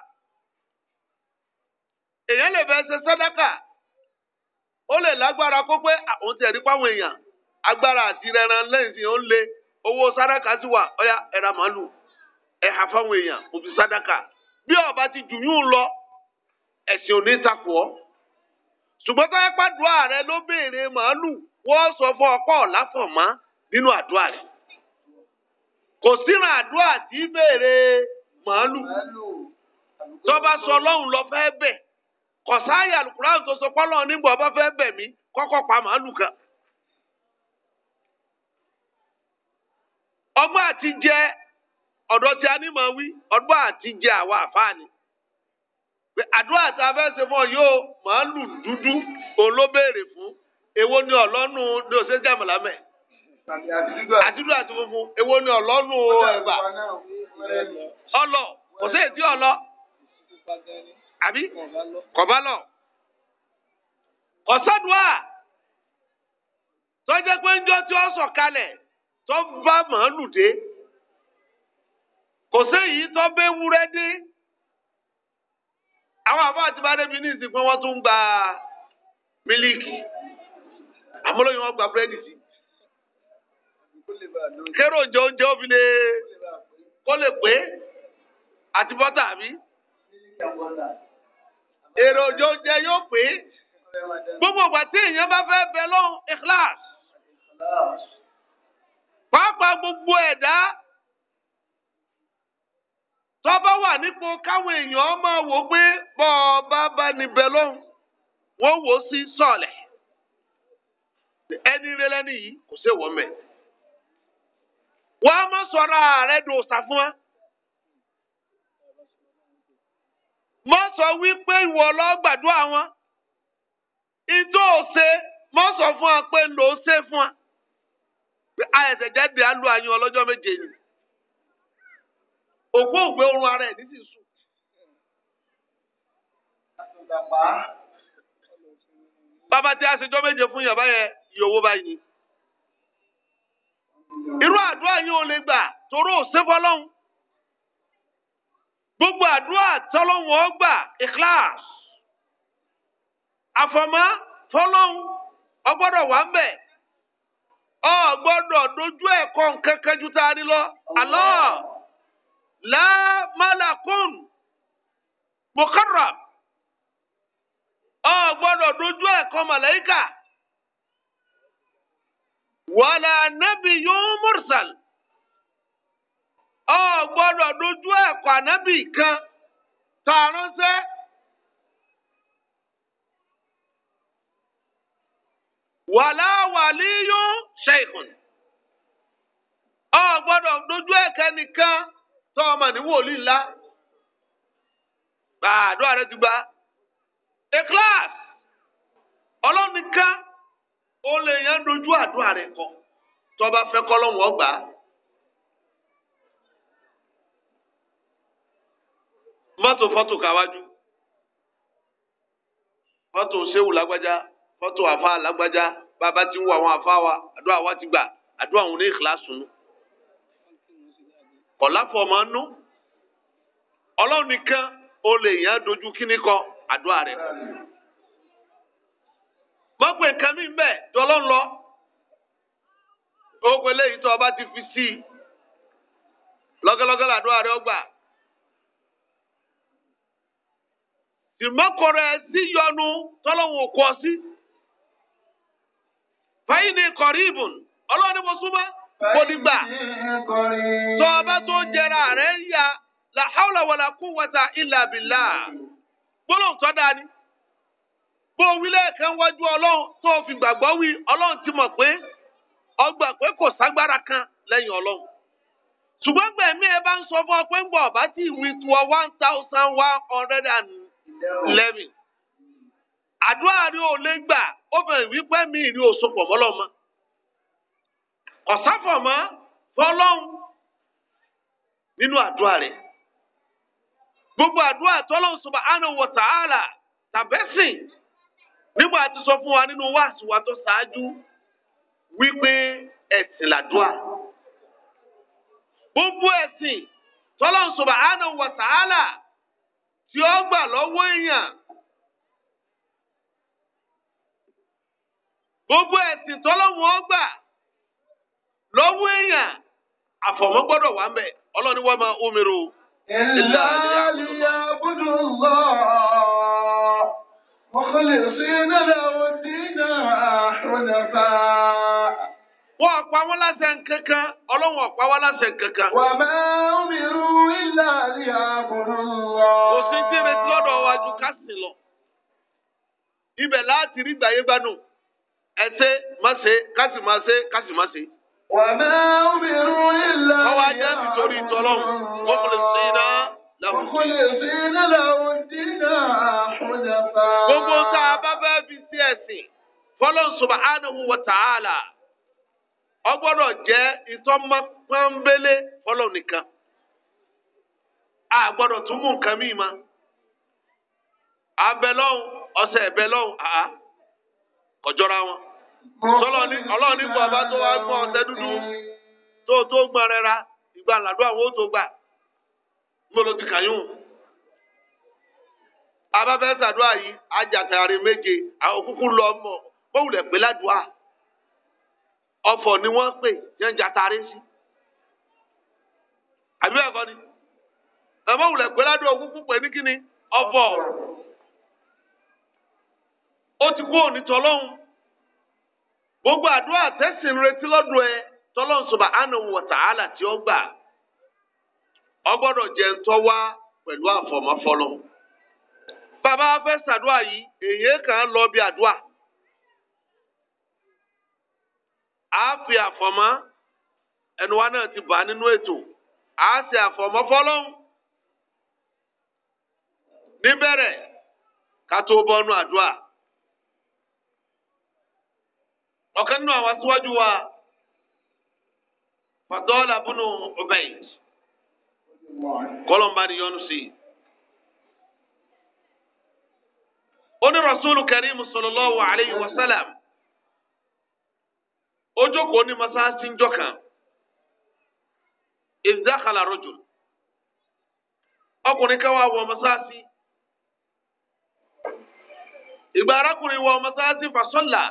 èèyàn owó sádàkà ti wà ọyà ẹ̀rà màálù ẹ̀hà fáwọn èèyàn kò bí ọba ti jù yún lọ ẹ̀sìn ò ní takò ọ́ ṣùgbọ́n tó yẹ pàdùn ààrẹ ló béèrè màálù wọ́n sọ fún ọpọ́ ọ̀láfọ̀mọ́ nínú àdúrà rẹ̀ kò síran àdúrà tí béèrè màálù tọ́ba sọ ọlọ́run lọ fẹ́ bẹ̀ kọ̀sáyà nígbà ọba fẹ́ bẹ̀ mí kọ́kọ́ pa màálù kan. ọgbọ́n àti jẹ ọ̀dọ́ tí a ní máa wí ọgbọ́n àti jẹ àwọn àfáàní pé àdúrà tá a fẹ́ ṣe fún ọ yóò màálù dúdú òun ló béèrè fún èwo ni ọlọ́nu ní òṣèṣẹ́ àmàlámẹ́ àdúrà tó funfun èwo ni ọlọ́nu ẹ̀bà ọlọ kò sí èdè ọlọ àbí kọ̀bálọ̀ ọ̀sádùá tó pé ń jọ́ tí ó sọ̀ tó bá màálù dé kò séyìí tó bẹ́ wúrẹ́ dé àwọn àbá àti bá débi ní ìsìnkú wọn tún gba mílíkì àmúlòyìn wọn gba búrẹ́dì sí kérò jẹ oúnjẹ òfin kó lè pé àti bọ́tà àbí èrò òjò oúnjẹ yóò pé gbogbo ìgbà tí èèyàn bá fẹ́ bẹ lọ́hùn ikhlas pàápàá gbogbo ẹ̀dá tọ́ba wà nípò káwọn èèyàn máa wò pé bọ́ọ̀bá bá níbẹ̀ lọ́hùn wọ́n wò ó sí sọ̀lẹ̀ ẹni rẹ lẹ́ni yìí kò sí ìwọ́n mẹ́. wọ́n á má sọ̀rọ̀ ààrẹ dùn ọ̀sà fún wa. sọ wípé ìwọ ló gbàdúrà wọn ìtò òsè mọ́ sọ fún wa pé lòó ṣe fún wa àyẹ̀sẹ̀ jáde á lu àyàn ọlọ́jọ́ méje ni òkú ògbé orun ara ẹ̀ ní ti sùn. bàbá tí a ṣèjọ́ méje fún yàrá yẹn iye owó báyìí irú àdúrà yín ò lè gbà torí ò ṣe fọlọ́hún gbogbo àdúrà tọ́lọ́hún ò gbà ìkíláàsì àfọ̀mọ́ fọlọ́hún ọgbọ́dọ̀ wà ń bẹ̀ ọ gbọ́dọ̀ dojú ẹ̀kọ́ nǹkan kan ju taari lọ àlọ́ lámàlàkùn mukarrab ọ gbọ́dọ̀ dojú ẹ̀kọ́ màláíkà wàlà nabiyyun mursal ọ gbọ́dọ̀ dojú ẹ̀kọ́ ànábì kan tààránṣẹ́. wàlá wàlíyó ṣèkùn ọ gbọ́dọ̀ dojú ẹkẹ nìkan tó ọmọ ní wòlíì ńlá gbàdúrà rẹ ti gba eklas ọlọ́nìkan ó lè yàn dojú àdúrà rẹ kọ tó bá fẹ́ kọ́lọ́hún ọgbà. mọ́tò fọ́tò káwájú fọ́tò ṣéwù lágbájá. fọ́tò àfa alágbájá bàbá ti ń àwọn àfa wa àdúrà àwa ti gbà àdúrà àwọn ní ìkìláàsù kọ̀láfọ̀ máa ń nú ọlọ́run nìkan ó lè yàn án dojú kíní kan kọ́. mọ́pẹ́ nǹkan ọba ti fi sí i lọ́gẹ́lọ́gẹ́ rẹ̀ ọgbà. ìmọ̀kọ̀rẹ́ sí yọnu tọ́lọ́hún fàyín ní kọ̀rí ìbùn ọlọ́ni mo súnmọ́ mo tó ọba tó ya la hawla wala quwwata illa billah gbólóhùn tó dáa ni bó wílẹ̀ kan wájú ọlọ́run tó fi gbàgbọ́ wí ọlọ́run ti mọ̀ pé ọgbà pé kò ságbára kan lẹ́yìn ọlọ́run ṣùgbọ́n gbẹ̀mí ẹ bá ń sọ fún ọ pé ń bọ̀ bá ti wí tu ọ one thousand one hundred and eleven àdúrà rí ò lè gbà ó bẹ̀rẹ̀ wípé mi ìrìn òsopọ̀ mọ́lọ́mọ ọ̀sáfọ̀mọ́ fọlọ́hún nínú àdúrà rẹ̀ gbogbo àdúrà tọ́lọ́hún subhanahu wa ta'ala tàbẹ́sìn nígbà tí sọ fún wa nínú wáàsí wa tó ṣáájú wípé ẹ̀sìn làdúrà gbogbo ẹ̀sìn tọ́lọ́hún subhanahu wa ta'ala tí ó gbà lọ́wọ́ èèyàn gbogbo ẹ̀sìn tọ́lọ́wọ́n gbà lọ́wọ́ èèyàn àfọ̀mọ́ gbọ́dọ̀ wà ń bẹ̀ ọlọ́ni wọ́n máa umiru. illa liyabudu Allah mukhlisina lahu dina hunafa. Wọ́n ọ̀pá wọn láṣẹ nkankan, ọlọ́run ọ̀pá wọn láṣẹ nkankan. Wa ma umiru illa liyabudu Allah. Kò sí tí èmi ti lọ́dọ̀ wa ká sìn lọ. Ibẹ̀ láti rí gbàyégbádùn. ẹ ṣe má ṣe kásì má ṣe kásì má ṣe. yà. wọ́n wá nítorí ìtọ́lọ́hún wọ́n kò sí iná làwọn. kò lè sí iná làwọn dínà àfọ̀jàpá. gbogbo tá a bá fi sí ẹ̀sìn ọgbọ́dọ̀ jẹ́ ìtọ́mọ pọ́nbélé nìkan a tún mú nǹkan míì àá wọn. ọlọ́ọ̀ni kọ́ ọba tó wá gbọ́n ọ̀sẹ̀ dúdú tó tó gbọ́n rẹra ìgbà làdúrà wo tó gbà mo lọ ti kàyún. abáfẹ́ sàdúrà yìí ajàtàrí méje àwọn kúkú lọ mọ̀ bóòlù ẹ̀pẹ́ ládùúà ọ̀fọ̀ ni wọ́n pè jẹ́ ń jàtàrí sí. àbí ẹ̀kọ́ ni ẹ̀mọ́ wùlẹ̀ pé ládùúà kúkú pè ní kíni ọ̀fọ̀ ó ti kú òní tọ́lọ́hún. gbogbo àdúrà tẹ́sí ń retí lọ́dọ̀ ẹ tọ́lọ́n subhanahu wa ta'ala tí ó gbà ọ gbọ́dọ̀ jẹ́ wá pẹ̀lú bàbá yìí èyí kan lọ bí àdúrà. a fi ẹnu wa náà ti nínú ètò a ṣe ká tó ọ̀kan nínú àwọn aṣíwájú wa fàdọ́ọ̀là bùnú ọbẹ̀yì kọlọ̀mbà ni yọnu sí i. ó ní rasúlù karim sallallahu alayhi wa sallam ó jókòó ní masáàsì ńjọ́ kan ìdákàlà rojul ọkùnrin kan wá wọ masáàsì ìgbà arákùnrin wọ masáàsì fasọ́là.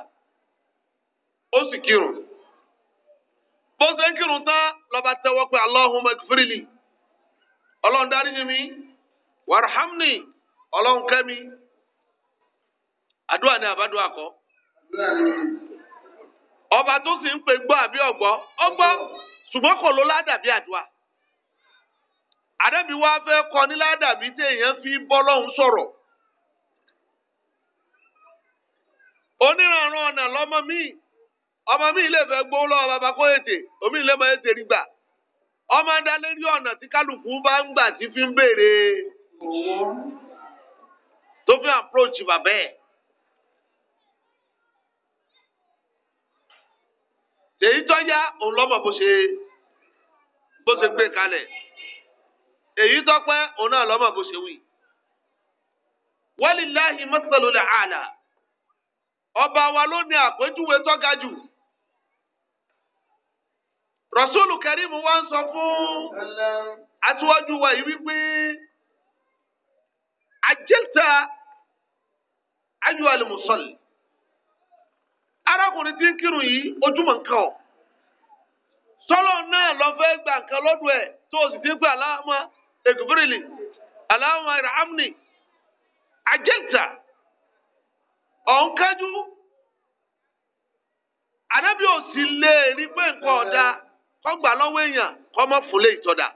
ó sì kírun bó ṣe ń kírun tán lọba tẹ́wọ́ pé Allahumma gfirli ọlọ́run ni mi warhamni ọlọ́run kẹ́mi àdúrà ni àbádúrà ọba tó sì ń pè gbọ́ àbí ọ̀gbọ́ ọgbọ́ ṣùgbọ́n kò ló ládàbí àdúrà àdàbí wa fẹ́ kọ ní ládàbí tí èèyàn fi bọ́lọ́hún sọ̀rọ̀ onírànràn ọ̀nà lọ́mọ mi. ọmọ mi ilé fẹ́ gbó lọ́wọ́ bàbá kó ètè omi ilé máa ń tẹ̀rí gbà ọmọ dá ọ̀nà tí kálukú bá ń gbà tí fi ń béèrè tó fi approach bàbá ẹ̀. tèyí tó yá òun lọ́mọ bó ṣe bó ṣe gbé kalẹ̀ èyí tó pẹ́ òun náà lọ́mọ bó ṣe wí. rasulu karimu wa n sọ fún aṣíwájú wa yìí wípé àjẹta ayọ alimusọlì arákùnrin tí ń kírun yìí ojúmọ́ nǹkan ọ̀ sọlọ náà lọ fẹ́ gba nǹkan lọ́dọ̀ ẹ̀ tó o sì ti gbà aláàmọ́ ègùbírìlì aláàmọ́ ìràhámnì àjẹta ọ̀nkájú anábì ò sì lè rí pé nǹkan ọ̀dà. kọ́gbà lọ́wọ́ èèyàn kọ́mọ́ fúnlé ìtọ́dà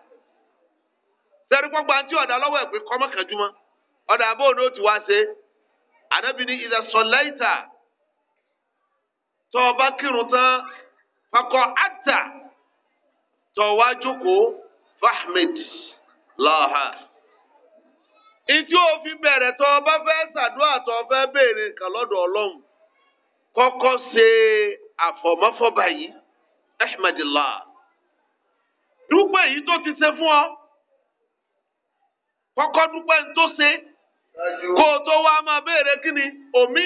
sẹ́rí kọ́gbà tí ọ̀dà lọ́wọ́ ẹ̀ pé kọ́mọ́ kẹjúmọ́ ọ̀dà abóòdó ti wá ṣe ànábì ní ìdá sọ̀lẹ́ìtà tọ́ ọba kírun tán jókòó fahmed lọ́ha ìtí òfin bẹ̀rẹ̀ tọ́ fẹ́ ṣàdúrà tọ́ béèrè nǹkan ọlọ́run kọ́kọ́ ṣe dúpẹ́ èyí tó ti ṣe fún ọ kọ́kọ́ dúpẹ́ ní tó ṣe kó o tó wá máa béèrè kí ni omi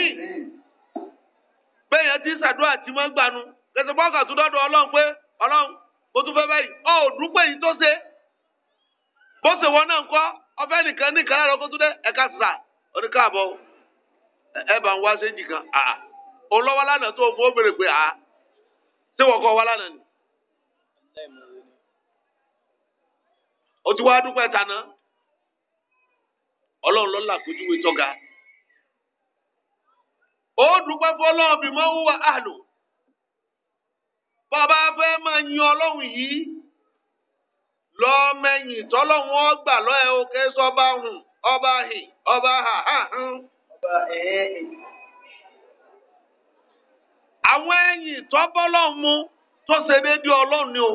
bẹ́ẹ̀ yẹn ti ṣàdúrà tí wọ́n gbanu lẹ́sẹ̀ bọ́ọ̀kà tó dọ́dọ̀ ọlọ́run pé ọlọ́run mo tún fẹ́ báyìí ọ ò dúpẹ́ èyí tó ṣe bó ṣe wọ́n náà ń kọ́ ọfẹ́ nìkan nìkan lára ọkọ̀ tó dẹ́ ẹ̀ka sà oníkàbọ̀ ẹ bá ń wá séjì kan àà òun lọ́wọ́ lánàá tó fún ó béèrè pé àà ṣé wọ́n kọ́ wá lánàá ni. ó ti wá dúpẹ́ tana ọlọ́run lọ́la kojúwe tọ́ga ó dúpẹ́ fọlọ́run bí mọ́ wúwa àlò bàbá fẹ́ máa yin ọlọ́run yìí lọ mẹ́yìn tọ́lọ́run ọgbà lọ́ẹ̀ òkè sọ́ba hùn ọba hìn ọba hàhà hàn. àwọn ẹ̀yìn tọ́bọ́lọ́run mú tó ṣe déédéé ọlọ́run ni o.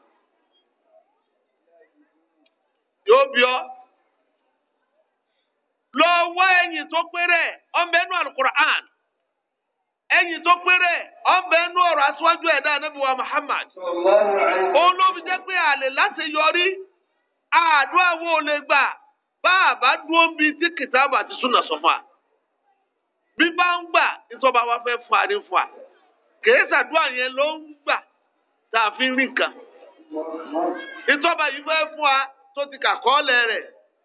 yóò bí ọ lọ wá tó péré ọmọbẹnu alukur'an ẹ̀yìn tó péré ọmọbẹnu ọ̀rọ̀ aṣáájú ẹ̀dá anabiwa Muhammad òun jẹ pé àlè láti yọrí àdúrà wo lè gbà bá dúró bí tí kìtàbù àti súnà sọ fún wa bí bá ń gbà ìtọ́ba wa fẹ́ fún fún wa yẹn ló ń gbà tá a fi ń rí nǹkan ìtọ́ba yìí fẹ́ fún wa tó ti kà kọ́ọ̀lẹ̀ rẹ̀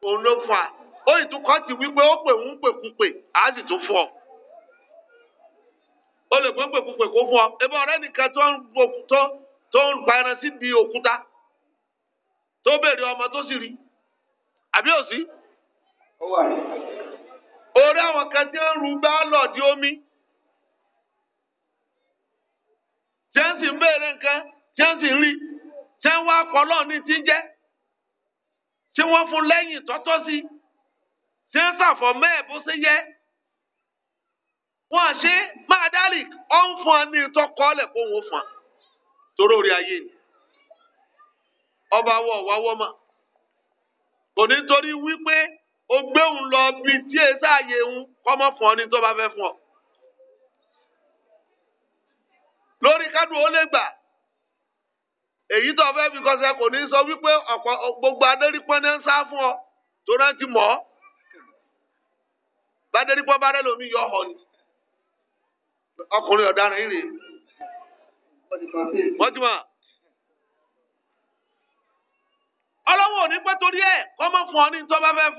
òun ló fà ó ti wípé ó pè ń pèkúpè á sì tún fọ. ó lè pé pèkúpè kó ebe ọrịa ọ̀rẹ́ nìkan tó ń tó tó ń gba ẹran síbi òkúta tó ọmọ tó sì rí àbí òsì. orí àwọn kan tí ń ru omi. ń béèrè nǹkan ń rí tí wọ́n fún lẹ́yìn tọ́tọ́ sí tí ń sàfọ̀ mẹ́ẹ̀ bó ṣe yẹ wọ́n ṣe máa dálì ọ̀ ń fún ọ ní ìtọ́kọ́lẹ̀ kó wọn fún ọ torí orí ayé ni ọba wọ wáwọ́ mà kò ní torí wípé o gbé òun lọ bí tí e sáàyè òun kọ́mọ́ fún ọ ní tó bá fẹ́ fún ọ lórí kádùn ó lè gbà èyí tó fẹ́ fi kọsẹ̀ kò ní sọ wípé ọ̀pọ̀ gbogbo adérípọ́n ní ń ọ tó náà ti mọ̀ ọ́ yọ ọ̀hún ọkùnrin ọ̀daràn yìí ọlọ́wọ́ ò ní pẹ́ torí ẹ̀ fún ọ ní tó bá yan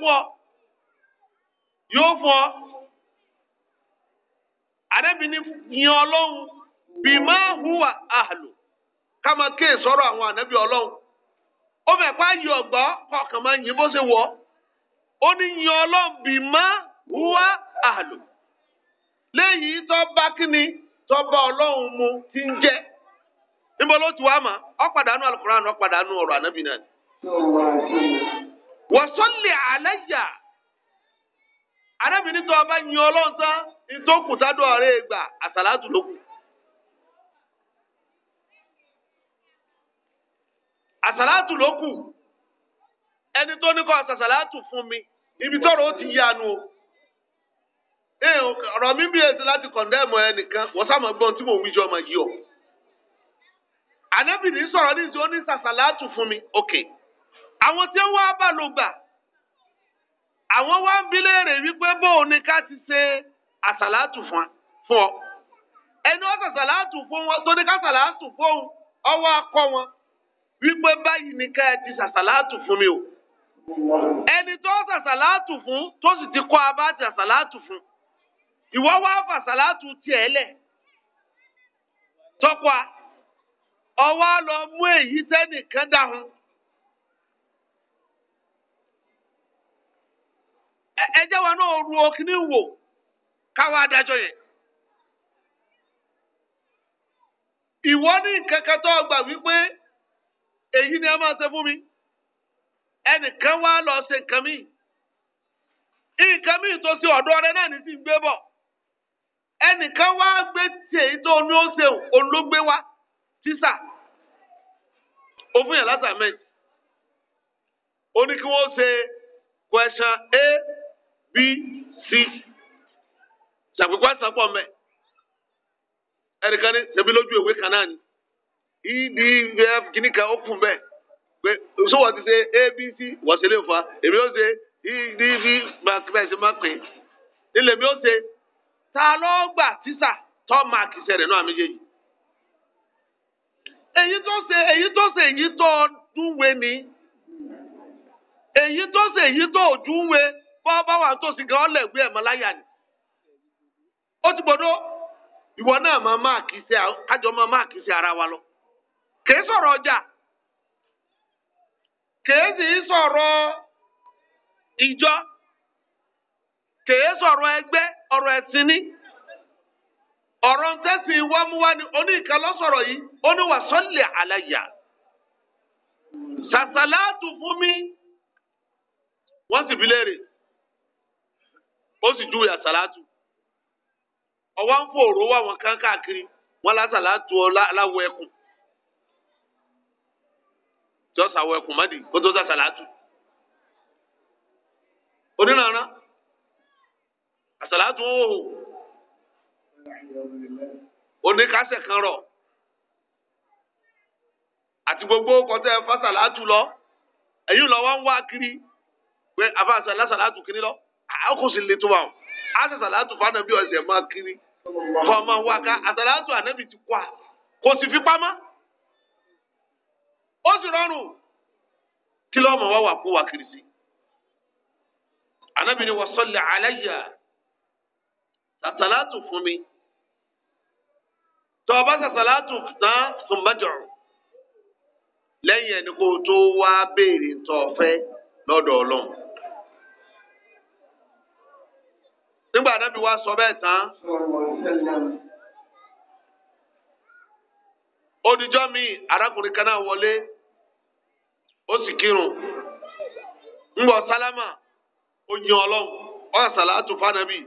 ọlọ́run hùwà àlò. kama kee sọrọ sọ̀rọ̀ àwọn ànábì ọlọ́run ó fẹ́ yí ọ̀gbọ́ kọkàn máa yìn bó ṣe wọ̀ ó ní yìn ọlọ́run bì mọ́ wúwá àlò tó mu ti ń jẹ́ níbo ló ti wá mà ó pàdánù alukuran ó pàdánù ọ̀rọ̀ ànábì náà. ní tó bá ọlọ́run tán ní tó àsàlátù ló kù ẹni tó ní kọ́ àsàsàlátù fún mi ibi tọ́rọ̀ ó ti yanu o ee ọ̀rọ̀ mi bí èsì láti kọ̀ndẹ́ẹ̀mù ẹnìkan wọ́n sàmọ̀ gbọ́n tí mò ń wíjọ́ ọmọ yìí o ànábì ní sọ̀rọ̀ ní ti ó ní sàsàlátù fún mi ok àwọn tí wọ́n á bá lò gbà àwọn wá ń bi léèrè wípé bóun ni ká ti ṣe àsàlátù fún ọ ẹni wọ́n sàsàlátù fún wọn tó ní ká sàlátù fún ọwọ́ akọ wọn wípé báyìí ni ká ẹ ti ṣàṣàlátù fún mi o ẹni tó ṣàṣàlátù fún tó sì ti kọ́ abá ti ṣàṣàlátù fún ìwọ wá fàṣàlátù tiẹ̀ lẹ̀ ọwọ́ lọ mú èyí sẹ́nìkan dáhùn. ẹ jẹ́ wa náà ru okínní wò káwa adájọ́ yẹn. ìwọ ní kankan tó wípé èyí ni ẹ máa ṣe fún mi ẹnìkan wá lọ ṣe nǹkan míì nǹkan míì tó ṣe ọ̀dọ́ rẹ náà ní sì ń gbé bọ̀ ẹnìkan wá gbé tiẹ̀ tó ní ó ṣe olóògbé wá tíṣà òfin yẹn lásàmẹ́ǹtì ó ní kí wọ́n ṣe question a b c ṣàpèkọ́ àṣàpọ̀ mẹ́ ẹnìkan ní ṣèbí lójú ìwé kan náà ni. ibi mbe gini ka okwu mbe so what is abc was ele fa e bi o se ibi ibi ma kristi ma pe ele bi o se ta lo gba tisa to ma kise re nu ami je yi eyi to se eyi to se eyi to dunwe ni eyi to se eyi to dunwe bo ba to si gan gbe e ma o ti gbodo iwo na ma ma ise a jo ma ma ise ara lo kìí sọrọ ọjà kìí sì sọrọ ijọ, kìí sọrọ ẹgbẹ ọrụ ẹ̀sìn ọrụ ọ̀rọ̀ ntẹ́sìn wámúwá ni oníkan lọsọrọ yìí o ni wà sọ́lẹ̀ àlàyà sàṣàlátù fún mi wọ́n sì bile re, ó sì ju ya ọwọ́ ń fò wà wọn kán káàkiri wọn lásàlátù ọ láwọ ẹkùn. tí ó sàwọ ẹkùn mọ́dì kó tó sàṣà látù onírànràn àṣàlátù òhù oníkásẹ̀ kan rọ̀ àti gbogbo kọtẹ́ fásàlátù lọ ẹ̀yìn lọ wá ń wá kiri pé àfàṣà lásàlátù kiri lọ àkókò sì le tó wà ó àṣàṣàlátù fánàbí ọ̀sẹ̀ máa kiri kọ́ ọ wá ká àṣàlátù ànábì ti kọ́ a kò sì fi pamọ́ ó sì rọrùn kí lọ́mọ wá wà kó wà kiri sí. Ànábì ní wasalli alayya sàtàlátù fún mi tó o bá sàtàlátù tán sùnmọ́jọ̀ lẹ́yìn ẹni kó o tó wá béèrè tó o fẹ́ lọ́dọ̀ ọlọ́run. nígbà Ànábì wa sọ bẹ́ẹ̀ tán odijọ́ mi arákùnrin kan náà wọlé. ó sì kírun ńgbọ sálámà ó yin ọlọ́run ọ̀rọ̀ sàlátù fànàbì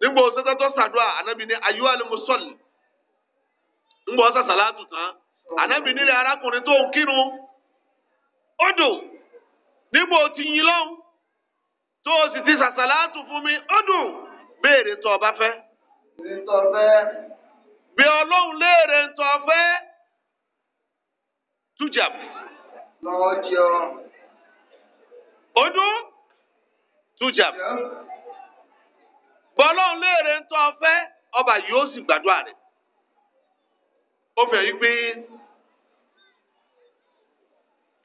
nígbà òṣèṣẹ́ tó sàdúrà ànábì ní ayé alimusọ́lì ńgbọ ọ̀sẹ̀ sàlátù tán ànábì nílẹ̀ arákùnrin tó ń kírun ó nígbà ó ti yin tó o sì ti sàsàlátù fún mi ó béèrè tó o bá bí ọlọ́run léèrè o fẹ́. tujab. Lọ́jọ́. Odú tujab. Bọ́lọ́n léèrè ń tọ́ ọfẹ́, ọba yóò sì gbàdúrà rẹ̀. Ó fẹ́ yí pé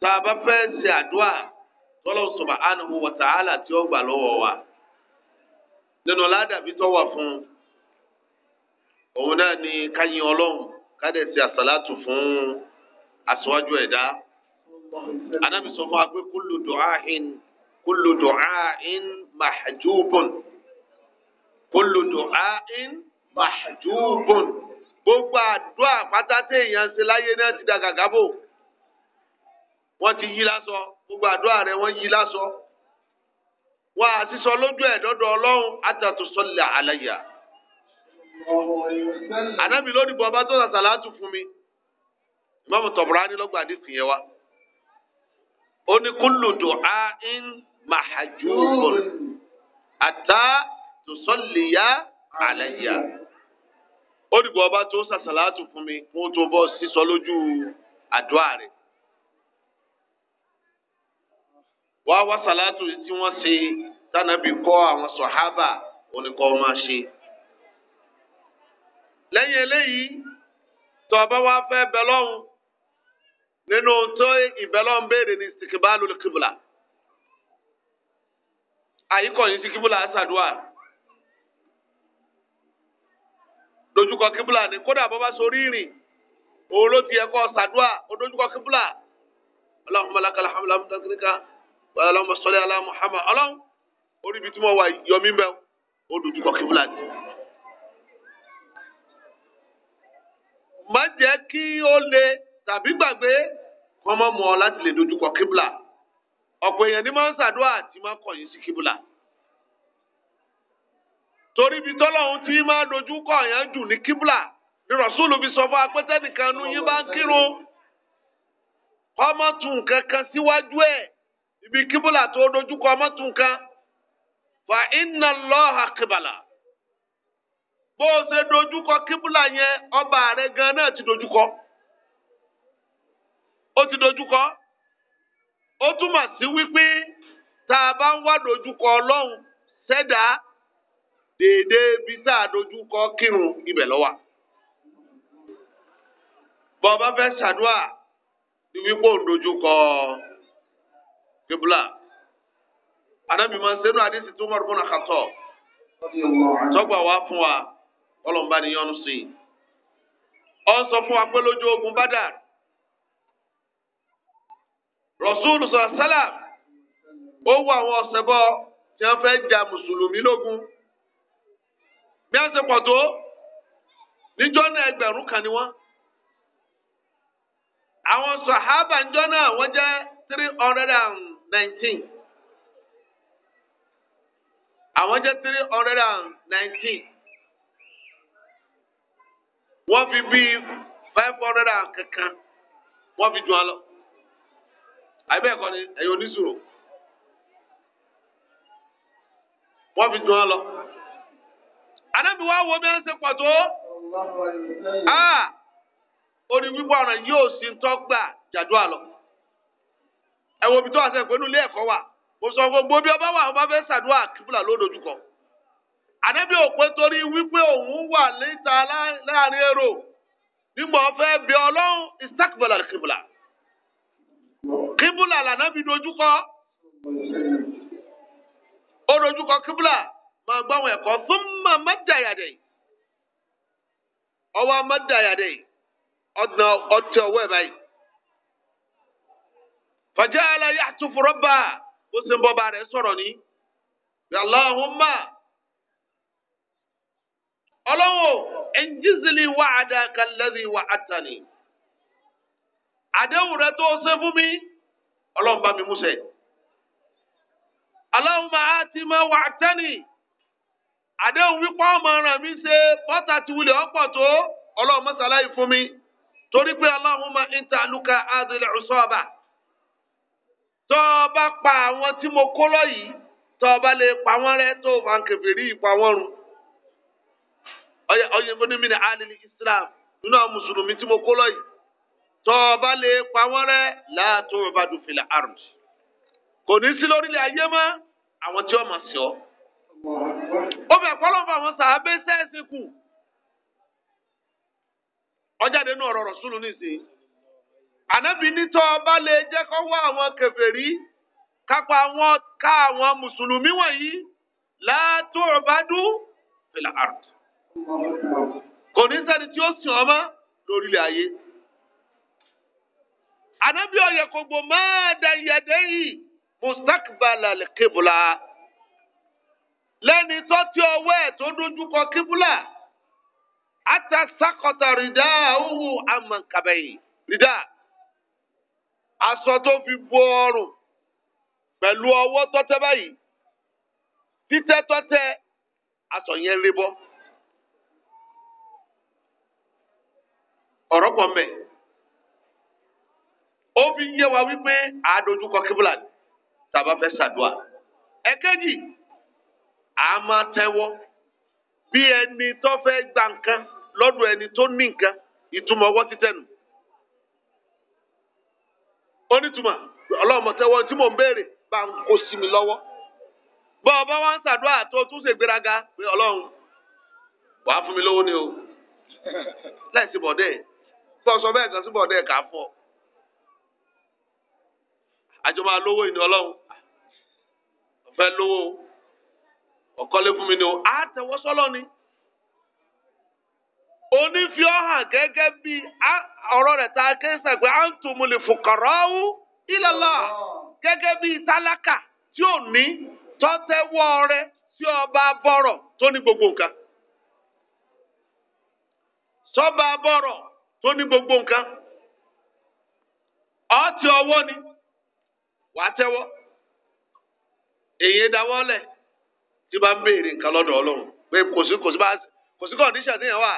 tá a bá fẹ́ ṣe àdúrà tọ́lọ́hùn subhanahu wa ta'ala tí ó gbà lọ́wọ́ wa. Nínú ládàbí tó wà fún un, òun náà ni ká yin Ọlọ́run ká dẹ̀ ṣe àsàlátù fún un aṣáájú ẹ̀dá anábì sọ fún wa pé kullu du'ain kullu du'ain mahjubun kullu du'ain mahjubun gbogbo àdúrà pátáté èèyàn ṣe láyé náà ti da gàgà bò wọ́n ti yí lásọ gbogbo àdúrà rẹ̀ wọ́n yí lásọ wọ́n á sísọ lójú ẹ̀ ọlọ́run àtàtúnṣọlẹ̀ àlàyà anábì lórí bọba tó sàṣàlá tún fún mi mọ́mú tọ̀bùrání lọ́gbà díìsì yẹn wa ó ní kúlù du'ain mahjubun àtà tùsọ̀lìyà àlàyà ó dìbò ọba tó sàṣàlátù fún mi fún tó bọ́ sísọ lójú àdúrà rẹ̀ wá wá sàlátù tí wọ́n ṣe tánàbí kọ́ àwọn sọ̀hábà oníkọ́ máa ṣe. lẹ́yìn eléyìí tó ọba wa fẹ́ bẹ lọ́hùn nínú tó ìbẹ́lọ́ ń béèrè ní kibula kìbùlà àyíkọ̀yìn sí kìbùlà àṣàdúà dojúkọ kìbùlà ni kódà bó bá sorí ìrìn òun ló ti yẹ kọ́ ṣàdúà ó dojúkọ kìbùlà Allahumma lakal hamdu amúdàkìníkà Allahumma salli ala Muhammad ọlọ́run orí ibi tí mo wà yọmí bẹ́ẹ̀ ó dojúkọ kìbùlà ni. má jẹ́ kí ó le. tàbí gbàgbé kọ́ mọ́ mọ́ ọ láti lè dojúkọ kíbùlà ọ̀pọ̀ èèyàn ní máa ń ṣàdúrà tí máa kọ̀yìn sí kíbùlà torí ibi tọ́lọ́hún tí máa dojúkọ yẹn jù ní kíbùlà ni rọ̀ṣúlù fi sọ fún apẹ́tẹ́ nìkan nu yín bá ń kírun kọ́ mọ́ tún nǹkan kan síwájú ẹ̀ ibi kíbùlà tó dojúkọ mọ́ tún nǹkan fa inna Allaha kíbàlà bó o ṣe dojúkọ kíbùlà yẹn ọba rẹ gan náà ti dojúkọ. ó ti dojúkọ ó túmọ̀ sí wípé tá a bá ń wá dojúkọ ọlọ́run ṣẹ̀dá déédéé bí tá a dojúkọ kírun ibẹ̀ lọ́wà. bọ́ọ̀bá fẹ́ ṣàdúrà ni wípé òun dojúkọ kíbùlà. anábì máa ń sẹ́nu àdísì tó mọ̀ rúbọ̀nà kàtọ́ tọ́gbà wá fún wa ọlọ́run bá ní yọ́nú sí i. ó sọ fún wa pé lójú ogun Badar. rọ̀súùlù sọ̀rọ̀ sálà ó wọ àwọn ọ̀sẹ̀bọ tí wọ́n fẹ́ ja mùsùlùmí lógun bí wọ́n ti pọ̀ tó níjọ́ náà ẹgbẹ̀rún kan ni wọ́n àwọn sahaba níjọ́ náà wọ́n jẹ́ three hundred and nineteen àwọn jẹ́ three hundred and nineteen wọ́n fi bí five hundred and kankan wọ́n fi jù wọn lọ. àbẹ́ ẹ̀kọ́ ni ẹ̀yin oníṣòro wọ́n fi dùn án lọ. Ànábì wa wo bí wọ́n ṣe pọ̀ tó. Orí ah! wíwá ọ̀ràn yóò sì ń tọ́gbà jàdúrà lọ. Ẹ wo ibi tó wà sẹ́yìn pé nílé ẹ̀kọ́ wà. Mo sọ gbogbo bí ọba wà ọba fẹ́ ṣàdúrà kíbùlà lódojúkọ. Ànábì òpé torí wípé òun wà níta láàrin èrò. Nígbà wọ́n fẹ́ bí Ọlọ́run ìsàkùbọ̀là kíbùlà. kíbùlà lànàbí dojúkọ ó dojúkọ kíbùlà máa gbọ́ àwọn ẹ̀kọ́ fún màmá ọwọ́ àmá dàyàdẹ̀ ọ̀nà ọwọ́ ẹ̀ báyìí. fàjẹ́ aláyé àtúfọ̀rọ̀ bá bó ṣe ń bọ́ bá rẹ̀ sọ̀rọ̀ ní. Allahumma ọlọ́wọ́ ẹnjísìlì wà àdàkà lẹ́sìn mi. ọlọ́run bá mi múṣẹ. Allahumma àti máa wà tẹ́nì àdéhùn wípé ọmọ ọ̀ràn mi ṣe bọ́tà ti wulẹ̀ ọ̀pọ̀ tó ọlọ́run mọ́sálàyé fún mi torí pé Allahumma tọ́ ọ bá pa àwọn tí mo kó lọ tọ́ ọ bá lè pa wọ́n tó o ń kẹfẹ́ rí wọ́n fúnni mi ni Islam nínú àwọn mùsùlùmí tí mo kó tọ́ ọ bá lè pa wọ́n rẹ́ láàtún ọba dùfìlà àrùn kò ní sí lórílẹ̀ ayé mọ́ àwọn tí wọ́n máa sọ. ó fẹ́ pọ́lọ́mù àwọn sàábé sẹ́ẹ̀sì kù ọjáde náà rọrọ̀ súnú nísìnyí. ànábì nítọ́ ọba lè jẹ́ kó wá àwọn kèfèrí kápá wọn ká àwọn mùsùlùmí wọ̀nyí láàtún ọba dùfìlà àrùn kò ní sẹ́ni tí ó sìn ọmọ lórílẹ̀ ayé anabi ọyẹ kogbo máa da yẹdẹ yìí mustakbala kibula lẹni tó ti ọwọ́ ẹ̀ tó dojú kọ kibula ata sakọta rida owu amankabayi rida aṣọ tó fi bu ọrùn pẹ̀lú ọwọ́ tọtẹ báyìí títẹ tọtẹ aṣọ yẹn rí bọ ọ̀rọ̀ pọ mẹ ó fi wa wípé àdójúkọ kíbùlà tàbá fẹ́ ṣàdúà ẹ̀kẹ́jì a máa tẹ́wọ́ bí ẹni tó fẹ́ gba nǹkan lọ́dọ̀ ẹni tó ní nǹkan ìtumọ̀ ọwọ́ títẹ̀nu onítùmọ̀ ọlọ́mọ tẹ́wọ́ tí mò ń béèrè bá ń kó sí mi lọ́wọ́ bọ́ ọba wa ń ṣàdúrà tó tún ṣe gbéraga pé ọlọ́run wàá fún mi lówó ni o láì sí bọ̀dẹ́ bọ́ kan sí bọ̀dẹ́ kà á fọ́ àjọ máa lówó ìní ọlọ́run ọ̀fẹ́ lówó ọ̀kọ́lé fún mi ni o á tẹ̀wọ́ sọ́lọ́ ni onífi ọ̀hàn gẹ́gẹ́ bí ọ̀rọ̀ rẹ̀ ta kẹ́sàn pé à ń tún mu lè fòkàrọ̀ gẹ́gẹ́ bí tálákà tí ọba bọ̀rọ̀ tó ní gbogbo wa tẹ́wọ́ èyí dáwọ́lẹ̀ tí bá ń béèrè nǹkan lọ́dọ̀ ọlọ́run pé kò sí kò sí bá kò sí kọ̀ǹdíṣàn tíyẹn wà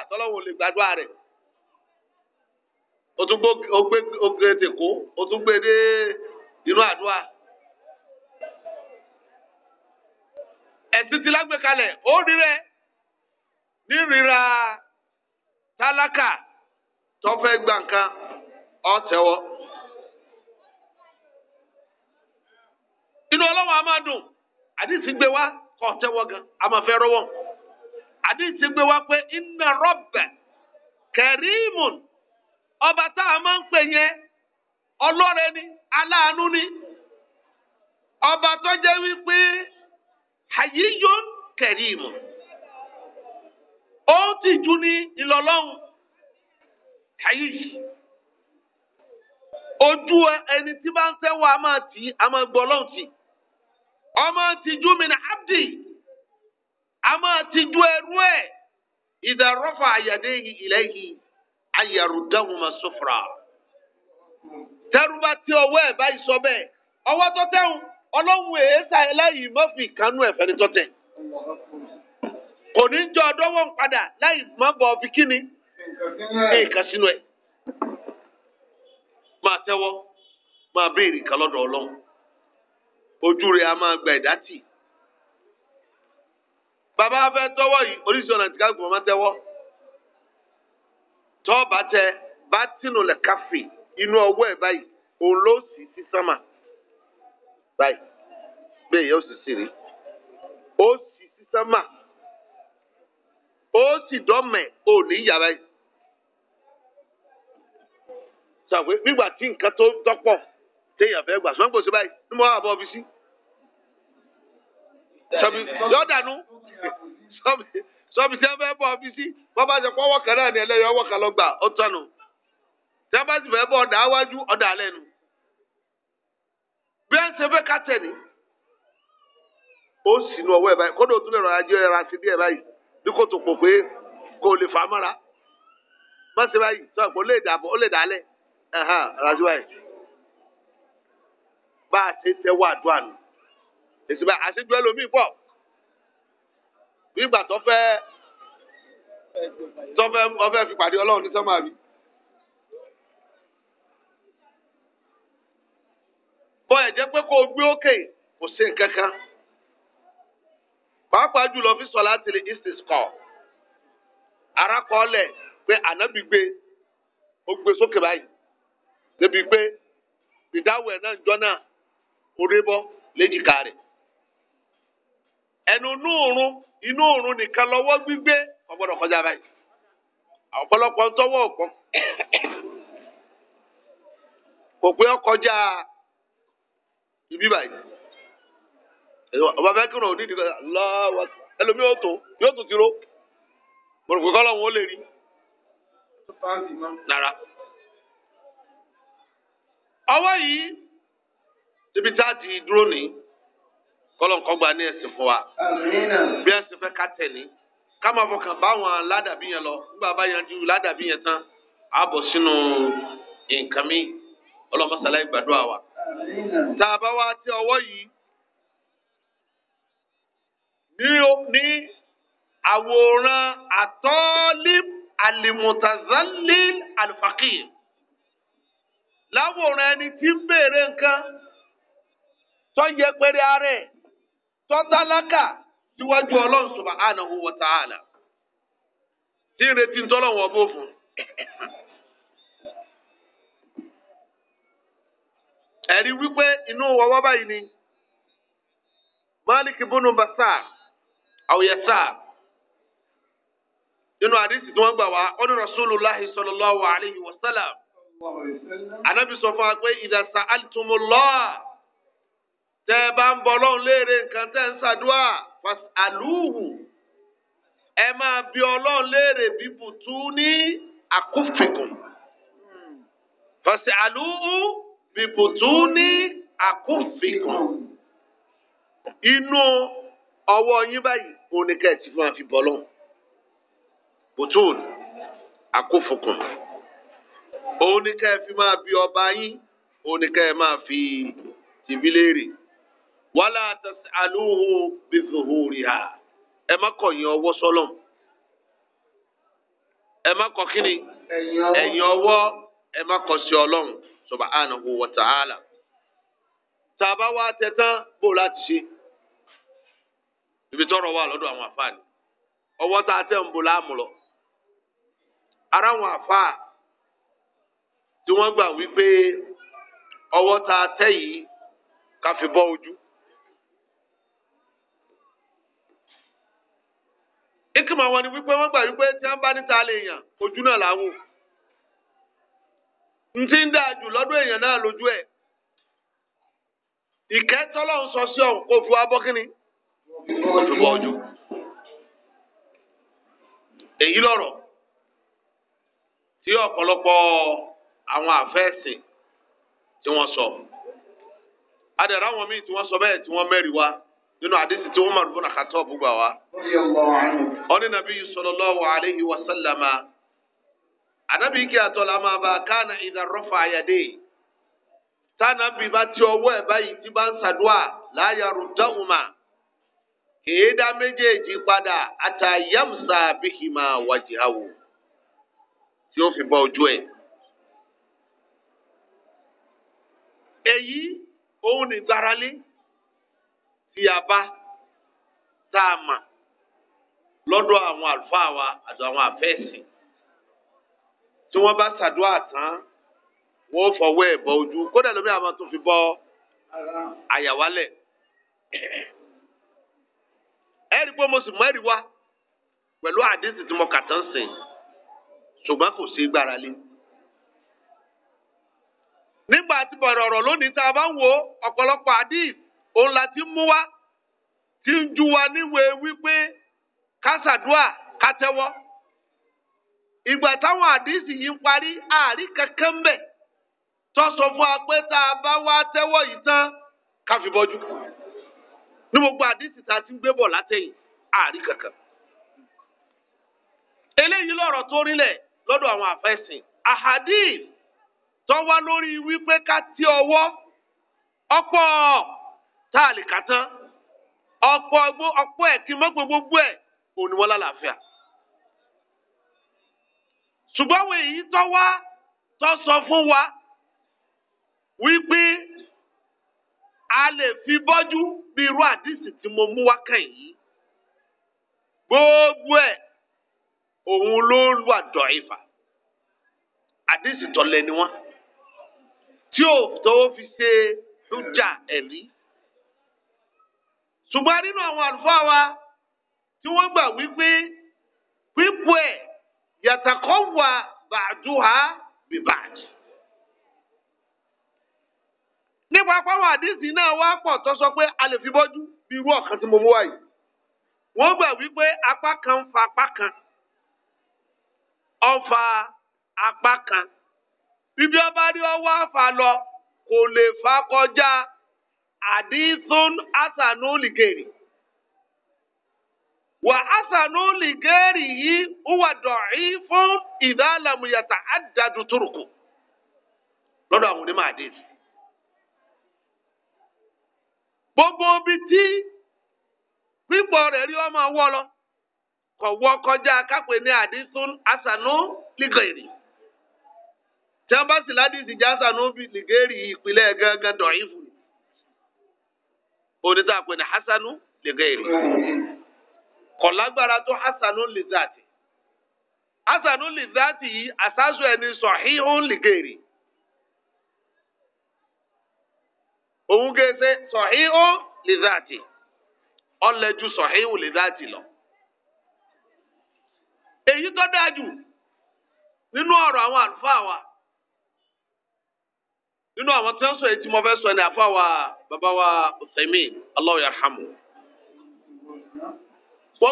o tún gbé ogbe tèkó o tún gbé dé inú àdúrà ẹ̀sìn ti lágbèkalẹ̀ ó rí rẹ̀ talaka tálákà tó fẹ́ gbà inú ọlọ́wọ́ a máa dùn àdìsí gbé kọ́ gan a máa àdìsí gbé wá pé inna rabbak karimun ọba tá a máa ń pè yẹn ọlọ́rẹ ni aláàánú ni ọba tó jẹ́ wípé ó ti ju ní ìlọlọ́hún hayi ojú ẹni tí bá ń tẹ́wọ́ a máa tì í Ọma tìjú mi ní abdi a máa tìjú ẹrú ẹ ìdá rọfà àyàdéyìí ìlẹyìn ayàrúdáhùnmá sọfra tẹrúbà tí ọwọ́ ẹ báyìí sọ bẹ́ẹ̀ ọwọ́ tó tẹhùn Ọlọ́run èésà ẹlẹyìí mọfì kanú ẹfẹ ní tọtẹ kò ní jọ ọdọwọ láì má bọ fi kíni nǹkan sínú ẹ máa tẹwọ máa béèrè kan Ọlọ́run. ojú rẹ̀ a máa gba ẹ̀dá tì. bàbá fẹ́ tọwọ́ yìí oríṣi ọ̀nà àtìká gbọ̀n máa tẹ́wọ́. tọ́ọ̀bà tẹ bá lẹ̀ káfí inú ọwọ́ ẹ̀ báyìí o sí sánmà báyìí bẹ́ẹ̀ yóò sì sí rí ó sì sí sánmà ó dọ́mẹ̀ téèyàn fẹ́ gbà sọ́n gbòsí báyìí ní mo wà bọ́ ọ́fíìsì yọ̀dànù sọ́bi tí wọ́n fẹ́ bọ́ ọ́fíìsì wọ́n bá ṣe pọ́wọ́ kan náà ní ẹlẹ́yọ̀ ọwọ́ kan lọ gbà ó tọ̀nù tí wọ́n bá sì fẹ́ bọ́ ọ̀dà áwájú ọ̀dà alẹ́ nu bí wọ́n ṣe fẹ́ kátẹ̀ ni ó sì nu ọwọ́ ẹ̀ báyìí kódà òtún lè rọra jẹ́ ẹran àti díẹ̀ báyìí bí kò tó pò pé kò lè fà á mọ́ra má ṣe báyìí sọ bá a ṣe tẹ́wọ́ àdúrà nù èsì bá àṣejù ẹlòmíì pọ̀ nígbà tó fẹ́ tó fẹ́ ọfẹ́ fi pàdé ọlọ́run ní sọ́mà mi. bọ́ ẹ̀ jẹ́ pé kó o gbé òkè kò sí nǹkan kan pàápàá jùlọ fi sọ láti lè istis kọ arákọọlẹ pé ànábì gbé ó gbé sókè báyìí débi pé ìdáwọ̀ ẹ̀ náà ń jọ náà. orébọ́ léjìká rẹ̀ ẹnu inú òrun inú òrun nìkan lọ́wọ́ gbígbé kò kọjá báyìí ọ̀pọ̀lọpọ̀ ń tọ́wọ́ ọ̀pọ̀n kò pé ọkọjá báyìí ọba kírun yóò tó yóò tó ibi tá a ti dúró ní kọlọ́nkọ́ gba ní ẹ̀sìn fún wa bí ẹ̀sìn fẹ́ ká tẹ̀ ní ká máa fọkàn báwọn ládàbí yẹn lọ nígbà bá yanjú ládàbí yẹn tán á bọ̀ sínú nǹkan mi ọlọ́mọsálá ìgbàdúrà wa tá a bá wá tí ọwọ́ yìí ní àwòrán àtọ́lím alimutazalil alfaqir láwòrán ẹni tí ń béèrè nǹkan. tọ́jẹ́ pẹ́rẹ́ ààrẹ tọ́tálákà síwájú ọlọ́run subhanahu wa ta'ala tí ń retí tọ́lọ́wọ́ bó fún. ẹ̀rí wípé inú wọ́wọ́ báyìí ni na ibn Basar aw Yasar nínú àdìsí tí wọ́n gbà wá ọdún Rasulullahi sallallahu alayhi wa anabi sọ fún wa pé tẹ́ ẹ bá ń bọ ọlọ́run léèrè nǹkan tẹ́ ń ṣàdúrà àlùhù ẹ máa bi ọlọ́run léèrè bíbù tú ní àkúfìkùn fàṣẹ àlùhù bíbù tú ní àkúfìkùn inú ọwọ́ yín báyìí òun ni kẹ́ẹ̀tì fún àfi bọ́ ọlọ́run bùtùn àkúfìkùn òun ni kẹ́ẹ̀ fi máa bi ọba yín òun ni kẹ́ẹ̀ máa fi tìbí léèrè. wàhálà tẹsánúhù bìfìhùrì hà ẹ má kọ̀yìn ọwọ́ sọ́lọ̀ ẹ má kọ kíni ẹ̀yìn ọwọ́ ẹ má kọ sí ọlọ́run subhanahu wa ta'ala tàbá wa tẹ̀tán bó láti ṣe ibi tọrọ wà lọ́dọ̀ àwọn àfáàní ọwọ́ tá a tẹ ń bọ̀ láàmú lọ ara àwọn àfáà tí wọ́n gbà wípé ọwọ́ tá a tẹ̀ yìí ká fi ojú ìkìmọ̀ wọn ni wípé wọ́n gbà wípé tí wọ́n bá níta lè yàn ojú náà làwọn n ti ń dà jù lọ́dún èèyàn náà lójú ẹ̀ ìkẹ́ tọ́lọ́run sọ sí ọ̀hún kò fi wá bọ́ kínni ojúbọ ojú èyí lọ́rọ̀ tí ọ̀pọ̀lọpọ̀ àwọn àfẹ́sìn tí wọ́n sọ adàrà àwọn míì tí wọn sọ bẹẹ tí wọ́n mẹ́rin wá. nínú àdìsí tí Umar ibn Khattab gbà wá. ọ̀ní nàbí sallallahu alayhi wa sallama ànábì kí àtọ́lá máa bá kánà idha rafa yadayhi tánàbì bá ti ọwọ́ ẹ̀ báyìí tí bá ń ṣàdúà la yarudduhuma kìí dá méjèèjì padà àtàyàmsà bíkìmà wajhahu tí ó fi bọ́ ojú ẹ̀. èyí òun ní gbáralé tí a bá tá a mà lọ́dọ̀ àwọn àlùfáà wa àti àwọn àfẹ́sìn tí wọ́n bá ṣàdúrà tán wọ́n fọwọ́ ẹ̀ bọ ojú kódà lómi àwọn tó fi bọ àyàwálẹ̀ ẹ̀rí pé mo sì mọ ẹ̀rí wa pẹ̀lú àdéhùn tí mo kà tán sìn ṣùgbọ́n kò sí gbára lé nígbà tí bọ̀rọ̀ ọ̀rọ̀ lónìí tá a bá ń wo ọ̀pọ̀lọpọ̀ àdéhùn òun ti mú wá ti ń ju wa níwèé wípé kásàdúà kátẹ́wọ́ ìgbà táwọn àdìsí yìí ń parí àárí kankan mbẹ tó sọ fún wa pé tá a bá wá tẹ́wọ́ yìí ti ń gbé bọ̀ látẹ̀yìn àárí kankan eléyìí lọ̀rọ̀ tó rinlẹ̀ lọ́dọ̀ àwọn àfẹ́sìn ahadith tó wá lórí wípé ká ti ọwọ́ ọ̀pọ̀. tá a lè kà tán ọ̀pọ̀ ọ̀pọ̀ ẹ̀ kí n mọ́gbọ́n gbogbo ẹ̀ òun ni wọ́n lálàáfíà. ṣùgbọ́n àwọn èyí tó wá tó sọ fún wa wípé a lè fi bọ́jú bí irú àdìsí tí mo mú wá kàn yìí gbogbo ẹ̀ òun ló wà dọ̀ìfà àdìsí tọ̀lẹ̀ ni wọ́n tí ò tó fi ṣe lójà ẹ̀rí. E ṣùgbọ́n nínú àwọn àlùfáà wa tí wọ́n gbà wípé pípọ̀ ẹ̀ yàtàkọ́ wà bàdúhà bíbàdì. nípa pàwọn àdìsí náà wá pọ̀ tó sọ pé a lè fi bọ́jú bí irú ọ̀kan tí mo mú wáyé. wọ́n gbà wípé apá kan ń fa apá kan ọ̀fà apá kan bíbí ọba rí ọwọ́ àfà lọ kò lè fa kọjá àdìsún àsànúlìgèrì wà àsànúlìgèrì yìí wà dọ̀ọ́í fún ìdálàmúyàtà àdàdù turuku lọ́dọ̀ àwọn onímọ̀ àdìsí. gbogbo ibi tí pípọ̀ rẹ̀ rí ọmọ wọ́ lọ kọ̀ wọ́ kọjá kápẹ́ ní àdìsún àsànúlìgèrì tí wọ́n bá sì ládìsí jásànúlìgèrì ìpìlẹ̀ gangan dọ̀ọ́í fún onítàpẹ ní hasanu lè gẹ èrè kọlágbára tó hasanu lè dàtì hasanu lè dàtì yìí àsásù ẹni sọhíhún lè gẹ èrè òun gẹ̀ẹ́sẹ̀ e sọhíhún lè dàtì ọlẹ́jú sọhíhún lè dàtì lọ èyí tó dáa nínú ọ̀rọ̀ àwọn àlùfáà wa. nínú àwọn tí wọ́n sọ èyí mo fẹ́ sọ ni àfa wa bàbá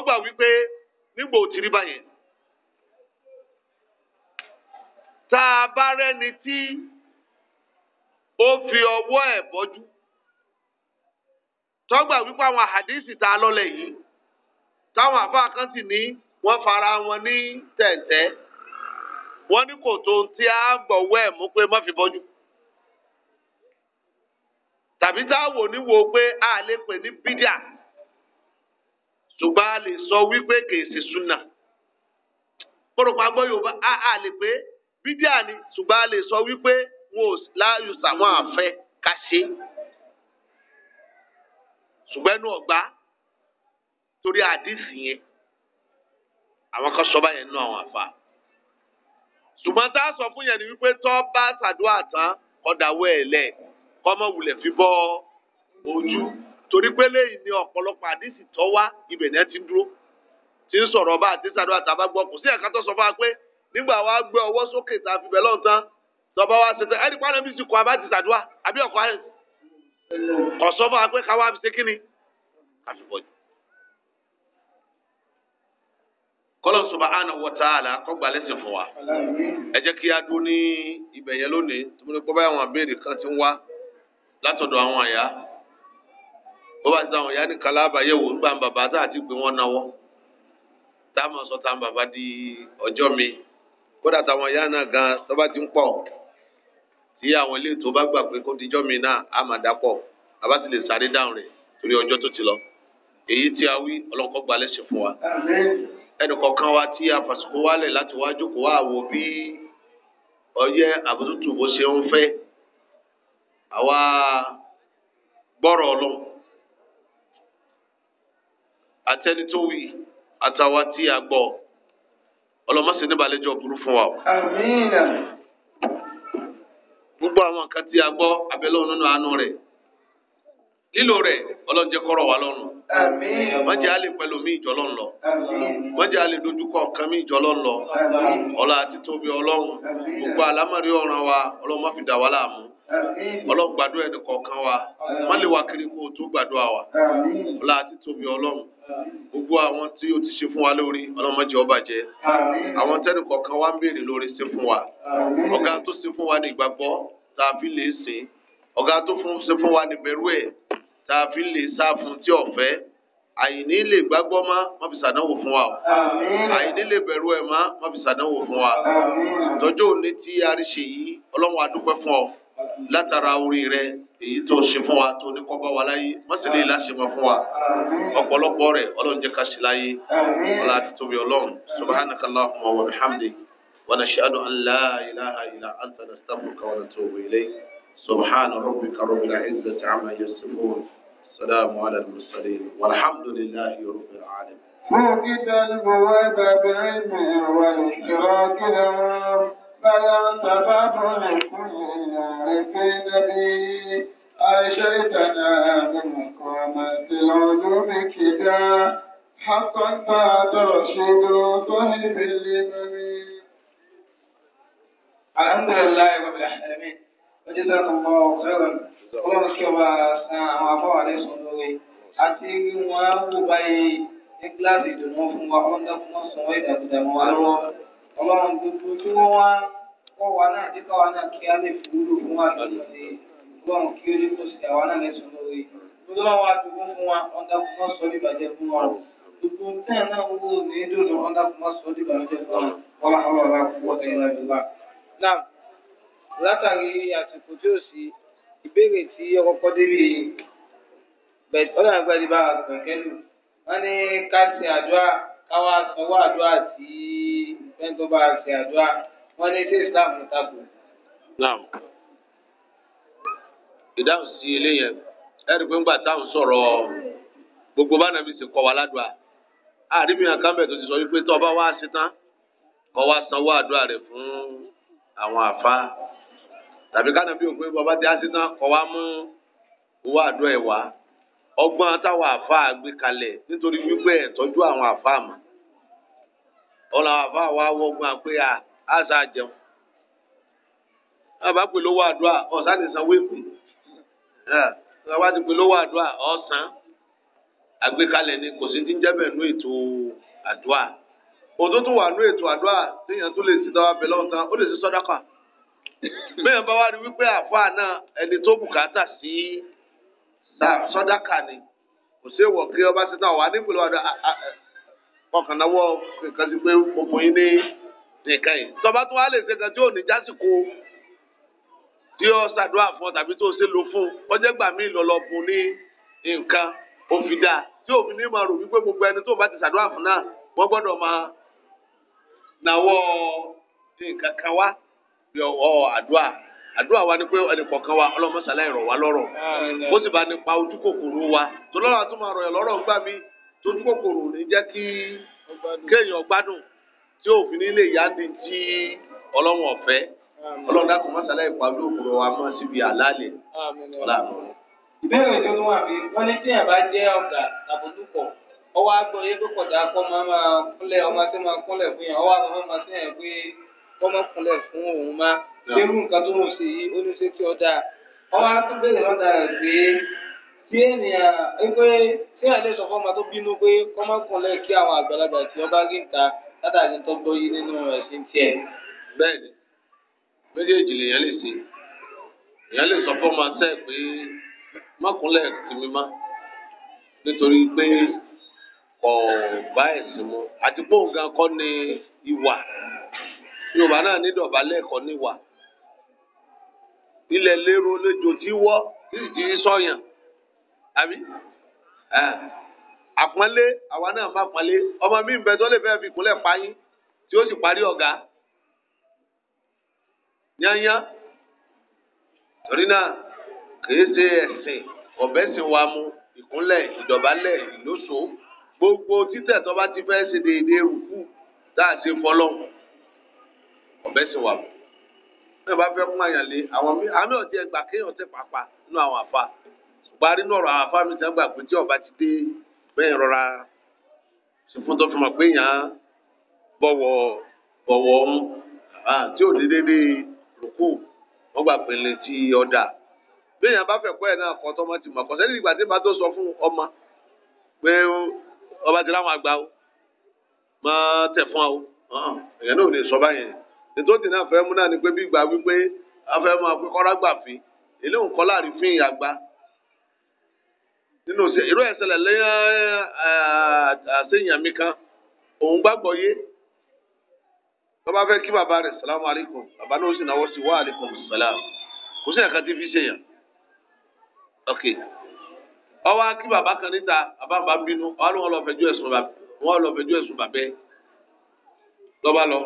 wa wípé nígbà òtírí báyẹn tá a bá rẹ́ni tí ó fi ọwọ́ ẹ̀ bọ́jú tọ́gbà wípé àwọn àdísì tá a lọ́lẹ̀ yìí táwọn kan sì ní wọ́n fara wọn ní tẹ̀ǹtẹ́ wọ́n ní tí a gbọ̀wọ́ ẹ̀ mú pé má fi bọ́jú. tàbí tá a wò ní wo pé a lè pè ní bídíà ṣùgbọ́n a lè sọ wípé kìí súnà kórópa gbọ́ yorùbá a lè pé bídíà ni ṣùgbọ́n a lè sọ wípé wọn ò láàyò sàwọn àfẹ́ ká ṣe ṣùgbọ́n ẹnu ọ̀gbá torí àdìsí yẹn àwọn kan sọ báyẹn nú àwọn àfa ṣùgbọ́n tá a sọ fún yẹn ni wípé tọ́ bá ṣàdúrà tán kọ́ dáwọ́ ẹ̀ lẹ́ẹ̀ kọ́mọ wulẹ̀ fi bọ́ ojú torí pé lẹ́yìn ni ọ̀pọ̀lọpọ̀ àdìsí tó wá ibẹ̀ náà ti dúró ti ń sọ̀rọ̀ bá àdìsí àdúrà tàbá gbọ́ kò sí ẹ̀ka tó sọ fún wa pé nígbà wa gbé ọwọ́ sókè tá a fi bẹ̀ lọ́n tán tọba wa ṣe tán ẹni pàdé mi sì kọ́ abá ti sàdúrà àbí ọkọ̀ ayé kò sọ fún wa pé káwa fi ṣe kíni àfi bọ́jú. kọ́lọ́ subhanahu wa ta'ala kó gbà lẹ́sìn fún wa ẹ jẹ́ kí a dún ní ibẹ̀ yẹn lónìí tó mú látọ̀dọ̀ àwọn àyà bó bá ti táwọn àyà nìkan lábàáyé wò ń gbà ń bàbá tá àti pé wọ́n náwó táwọn sọ táwọn bàbá di ọjọ́ mi kódà táwọn àyà náà gan tó bá ti ń pọ̀ tí àwọn ilé ètò bá gbà pé kó dijọ́ mi náà á máa dápọ̀ bàbá ti lè sáré dáhùn rẹ̀ torí ọjọ́ tó ti lọ èyí tí a wí ọlọ́kọ́ gba lẹ́sìn fún wa ẹnìkọ̀ọ̀kan wa tí a fàṣùkò wálẹ̀ láti wá jókòó wá bí ọyẹ́ àbótútù bó ṣe ń fẹ́ àwa gbọ́rọ̀ ọlọ́run àtẹni tó wí àtàwa tí a gbọ́ ọlọ́mọ́sí níbalẹ̀jọ́ burú o. gbogbo àwọn nǹkan tí a gbọ́ abẹ́lẹ́ òun àánú rẹ̀ lílo rẹ̀ kọ́rọ̀ lọ́rùn. mi ìjọ lọ́n lọ. àmín. wọ́n dojúkọ nǹkan mi ìjọ lọ. ọlọ́ àti tóbi ọlọ́run. gbogbo ọ̀ràn wa fi ọlọ́run gbàdúrà ẹni kọ̀ọ̀kan wa má lè wá kiri kó o tó gbàdúrà wa ọlá àti tóbi ọlọ́run gbogbo àwọn tí o ti ṣe fún wa lórí ọlọ́mọdé ọba jẹ àwọn tẹ́nì kọ̀ọ̀kan wa ń béèrè lórí ṣe fún wa ọ̀gá tó ṣe fún wa ní ìgbàgbọ́ tá a fi lè sìn ọ̀gá tó ṣe fún wa ní bẹ̀rù ẹ̀ tá a fi lè sá fún tí ọ̀fẹ́ àyìní lè gbàgbọ́ má má fi ṣàdánwò fún wa o àyìní lè bẹ̀rù ẹ̀ má má fi ṣàdánwò fún wa tọ́jú òní tí a rí ṣe yìí ọlọ́run a dúpẹ́ fún ọ látara orí rẹ èyí tó ṣe fún wa tó ní kọ́ bá wa láyé mọ́sílẹ̀ láṣẹ wọn fún wa ọ̀pọ̀lọpọ̀ rẹ̀ ọlọ́run jẹ́ ká ṣe láyé ọlá àti tóbi ọlọ́run subhanaka allahumma wa bihamdik wa nashhadu an la ilaha illa anta nastaghfiruka wa natubu ilayk subhana rabbika rabbil izzati amma yasifun salamu ala al-mursalin walhamdulillahi rabbil alamin. موجد البوابة بعلمه والاشتراك له فلا تفر لكل عارف نبي أغشيتنا من قامة العلوم كدا حقا فترشد طهب الإمام الحمد لله رب العالمين وجزاكم الله خيرا ọlọ́run kí ọba san àwọn afọ́wà lẹ́sùn lórí àti wọn wò báyìí ní kíláàsì ìdùnnú fún wa ọlọ́run fún wọn sọ wa lọ́wọ́ ọlọ́run gbogbo tí wọ́n wá kọ́ wa náà dípò wa náà kí á lè fúrú fún wa lọ́dún sí ọlọ́run kí ó lè kó sí àwa náà lẹ́sùn lórí gbogbo náà wá dùgbò fún wa ọ̀dà kò má sọ ní ìbàjẹ́ fún wa gbogbo tẹ́ẹ̀ náà wúwo ní dùnú ọ̀dà kò má sọ ní ìbàjẹ́ fún wa wọ́n máa wà wá fún wọ́tẹ̀ ìlà ìlú náà látàrí àsìkò tí ó sì ìbéèrè tí ọkọ̀ débi bẹ̀ẹ̀ ọ̀dà àgbàdìbà bá a ṣe àdúrà wọ́n ní sí islam tako. naam ìdáhùn sí eléyẹn ẹni pé ńgbà táwọn sọ̀rọ̀ gbogbo bá nàbí sì kọ́ wa ládùá àdìmí àkàmbẹ̀ tó ti sọ wípé tó ọba wa ṣe tán kọ́ wa sanwó àdúrà rẹ̀ fún àwọn àfa tàbí kánàbí òpin bọ́ba tí a ṣe tán kọ́ wa mú owó àdúrà ẹ̀ wá ọgbọ́n táwọn àfa gbé nítorí wípé ẹ̀ tọ́jú àwọn àfa mọ́ ọ̀la àfa àwọn awọ ọgbọ́n a àṣà àjẹun àbá pè lówó àdúrà ọ̀sán ti sanwó èpè àbá ti pè lówó àdúrà ọ̀sán àgbékalẹ̀ ni kò sí ti ń jẹ́ nú ètò àdúrà òtún wà nú ètò àdúrà téèyàn tó lè ti dáwà bẹ̀ lọ́wọ́ ó lè ti sọ́dákà bẹ́ẹ̀ bá wá rí wípé àáfàá náà ni kò sí èèwọ̀ ọba sita náà wà nípìnlẹ̀ àdúrà ọkàn náwó wọ sí pé gbogbo yín ní nìkan yìí tọba tó wá lè ṣe kan tí ò ní jásìkò tí ó ṣàdúrà fún ọ tàbí tó ṣe lò fún ọjọ́ gbà mí lọ́lọ́ fún ní nǹkan òfin dà tí òfin ní rò wípé gbogbo ẹni tó bá ti ṣàdúrà fún náà wọ́n gbọ́dọ̀ máa nǹkan kan wá wa ni pé wa ọlọ́mọṣàlá lọ́rọ̀ sì bá nípa ojú kòkòrò wa tó lọ́rọ̀ àtúmọ̀ tójú kòkòrò ní jẹ́ kí kéèyàn gbádùn tí òfin nílé ìyá ni ti ọlọ́run ọ̀fẹ́ ọlọ́run dákun mọ́sálá ìpàdé òkúrò wa mọ́ síbi àlàálẹ̀ ọ̀làánú. ìbéèrè tó tún wà bí wọ́n ní tí yàrá jẹ́ ọ̀gá àbójúkọ̀ ọwọ́ àgbọ̀ yẹ pé kọ̀dà kọ́ máa máa kúnlẹ̀ ọmọ tí máa kúnlẹ̀ fún yàn ọwọ́ àgbọ̀ máa tẹ̀ yàn pé kọ́ máa kúnlẹ̀ fún òun má lérú nǹkan tó mọ̀ sí i ó ní ṣe tí ọ dáa ọwọ́ àtúbẹ̀rẹ̀ lọ́dà rẹ̀ pé tí ènìyàn tí à lè sọ fún ọmọ tó bínú pé kọ́ má kúnlẹ̀ kí àwọn àgbàlagbà tí wọ́n bá rí nta látàrí tó gbọ́ yí nínú ẹ̀sìn tiẹ̀. bẹ́ẹ̀ni méjèèjì lèèyàn lè ṣe èèyàn lè sọ fún ọmọ tẹ pé má kúnlẹ̀ kí mi má nítorí pé kò bá ẹ̀sìn mu àti pé òun gan kọ́ ni ìwà yorùbá náà ní dọ̀bálẹ̀ kọ́ ni ìwà ilẹ̀ lérò lẹ́jọ́ tí wọ́ tí àbí àpọ́nlé àwa náà má pọ́nlé ọmọ mi ń bẹ tó lè fẹ́ fi kúnlẹ̀ payín tí ó sì parí ọ̀gá yányán torí náà kìí ṣe ẹ̀sìn ọ̀bẹ sì wà mú ìkúnlẹ̀ ìdọ̀bálẹ̀ ìlóso gbogbo títẹ̀ tó bá ti fẹ́ ṣe déédéé rúkú tá a ṣe fọlọ́hún ọ̀bẹ sì wà mú bí wọ́n bá fẹ́ kún àyàn lé àwọn àmì ọ̀jẹ̀ gbà kéèyàn tẹ̀ pàápàá nínú àwọn àfa parí nínú ọ̀rọ̀ àfa mi sẹ́gbà pé tí ọba ti dé bẹ́ẹ̀ rọra ṣe fún tó fi mọ̀ pé yàn án bọ̀wọ̀ bọ̀wọ̀ ọ̀hún tí ò ní déédéé rúkú wọ́n gbà pínlẹ̀ tí ọ̀dà bí yàn bá fẹ́ kọ́ ẹ̀ náà kọ́ tọ́mọ ti mọ̀ kọ́sẹ́ nígbà tí bá tó sọ fún ọmọ pé ọba ti láwọn àgbà o máa tẹ̀ fún ọ ẹ̀yẹ náà ò lè sọ báyẹn nítorí náà fẹ́ mú náà ni pé bí ìgbà wípé afẹ́ máa pé kọ́ra gbà fi eléhùn kọ́ láàrin fín àgbà nínú ṣe irú ẹ̀ ṣẹlẹ̀ lẹ́yìn àṣeyàn mi kan òun gbàgbọ́ yé tọ́ba fẹ́ kí bàbá rẹ̀ salamu alaykum bàbá náà ó sì náwó sí wa alaykum salam kò sí ẹ̀ka tí fi ṣe yàn ok ọwọ́ kí bàbá kan níta bàbá bá ń bínú ọwọ́ ló wọn lọ fẹjọ́ ẹ̀sùn bàbá wọn lọ fẹjọ́ ẹ̀sùn bàbẹ́ lọ́ba lọ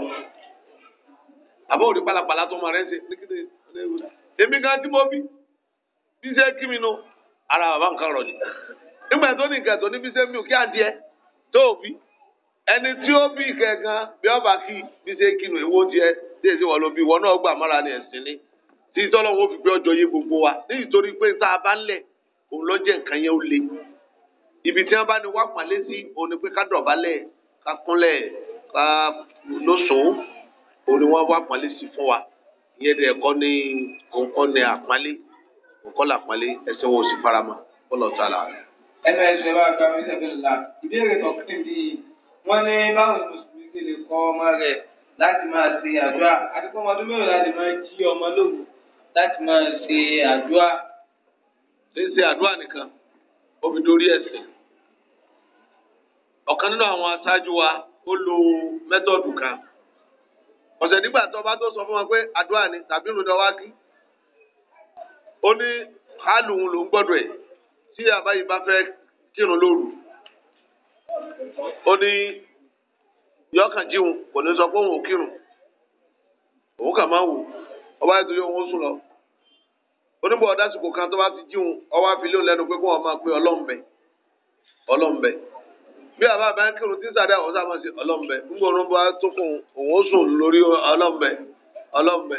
àbọ̀ òde pálapàla tó máa rẹ́ ṣe ní kí ni kan tí mo bí bí ṣe kí mi nù. No ara bàbá nǹkan rọ̀ ni nígbà tó ní nǹkan tó ní bíṣẹ́ mi ò kí adìẹ tó o bí ẹni tí ó bí kẹ̀kan bí ọba kí bíṣẹ́ kinu èwo jẹ tí èsì wọ́n ló bí wọn náà gbà mọ́ra ni ẹ̀sìn ni tí tọ́lọ́wọ́ fi pé ọjọ́ yé gbogbo wa nítorí pé tá a bá ń lẹ̀ òun lọ́jẹ̀ nǹkan yẹn ó le ibi tí wọ́n bá ní wá pàlẹ́ sí òun ni pé ká dọ̀bálẹ̀ ká kúnlẹ̀ ká lóṣòó òun ni wọ́n wá pàlẹ́ sí fún wa ìyẹn dẹ̀ kọ́ ni kọ́ ni àpálẹ́ kọ́kọ́ là pálí ẹsẹ̀ wo sì farama kọ́lọ̀ tà là. ẹnu ẹsẹ̀ wa gba mi sẹ́fẹ̀ la ìbéèrè tó kí n bí i wọ́n ní báwo ni mùsùlùmí ṣe lè kọ́ ọmọ rẹ̀ láti máa ṣe àdúrà àti pé ọmọdún mẹ́rin láti máa jí ọmọ lóru láti máa ṣe àdúrà. ṣé ṣe àdúrà nìkan ó fi dórí ẹ̀sìn ọ̀kan nínú àwọn aṣáájú wa ó lo mẹ́tọ̀dù kan ọ̀sẹ̀ nígbà tó bá tó sọ fún wọn pé àdúrà ni tàbí ìrùn ó ní hálù òun lòún gbọ́dọ̀ ẹ̀ tí àbáyé bá fẹ́ kírun lóru ó ní yọkàn jíun kò ní sọ pé òun ò kírun òun kà máa wò ọba ètò yóò wọ́n sùn lọ oníbọ̀ ọ̀dásìkò kan tó bá ti jíun ọwọ́ àfilé òun lẹ́nu pé kó wọn máa pe ọlọ́m̀bẹ ọlọ́m̀bẹ bí àbá bá ń kírun tí sàdá ọ̀sán máa ṣe ọlọ́m̀bẹ ń gbọ́n bá tó fún òun ó sùn lórí ọlọ́m̀bẹ ọlọ́m̀bẹ.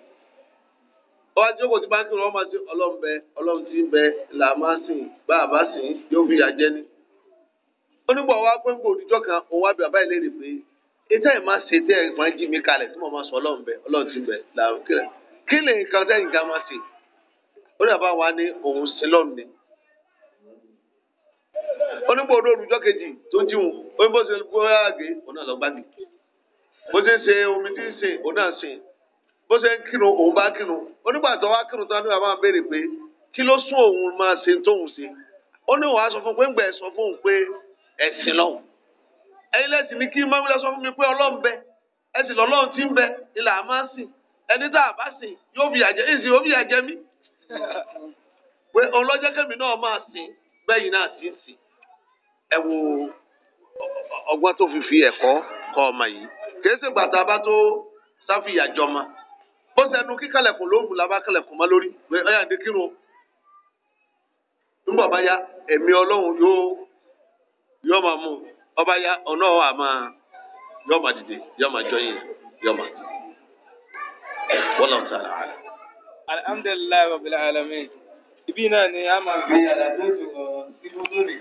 ọba jókòó tí bá ń kírun ọmọ sí ọlọ́run bẹ ọlọ́run tí ń bẹ là máa sìn bá a bá sìn yóò fi àjẹ ni. onígbà wa pé ń gbò òdìjọ́ kan òun wá bí bàbá ìlérè pé ètò ẹ̀ máa ṣe tẹ́ ẹ̀ máa jí mi kalẹ̀ tí mo máa sọ ọlọ́run bẹ ọlọ́run tí ń bẹ là ń kílẹ̀ kí lè kan tẹ́ nǹkan máa ṣe ó dàbá wa ní òun sí lọ́run ni. onígbà odò òdìjọ́ kejì tó jí wọn ó ń bó ṣe gbó bó ṣe ń kírun òun bá kírun onígbà tó wá kírun tán ní bàbá mi béèrè pé kí ló sún òun máa ṣe tóun ṣe ó ní wàá sọ fún pé ń gbẹ sọ fún òun pé ẹ̀sìn lọ́hùn ẹ̀yin lẹ́sìn ní kí mọ́mílẹ́ sọ fún mi pé ọlọ́run bẹ ẹ̀sìn lọ́lọ́run ti ń bẹ ilà á máa sìn ẹni tá a bá sìn yóò fi àjẹ èsì yóò fi àjẹ mí pé ọlọ́jẹ́ kẹ́mi náà máa sìn bẹ́yìn náà ti ń sìn ẹ wo ọgbọ́n tó fi fi ẹ̀kọ́ kọ́ ọmọ yìí kì ṣègbà tá a bá tó sáfìyàjọ́ bó sẹnu kíkàlẹ̀kùn lóhùn làbá kàlẹ̀kùn má lórí ọyà ní kírun nígbà bá ya ẹ̀mí ọlọ́run yóò yóò máa mú ọba ya ọ̀nà àmà yóò máa dìde yóò máa jọyìn yóò máa wọ́n lọ́n sàrà àlẹ́. alhamdulilayi rabbil alamin ibi náà ni a máa gbé àlàyé tó lọ sí lónìí.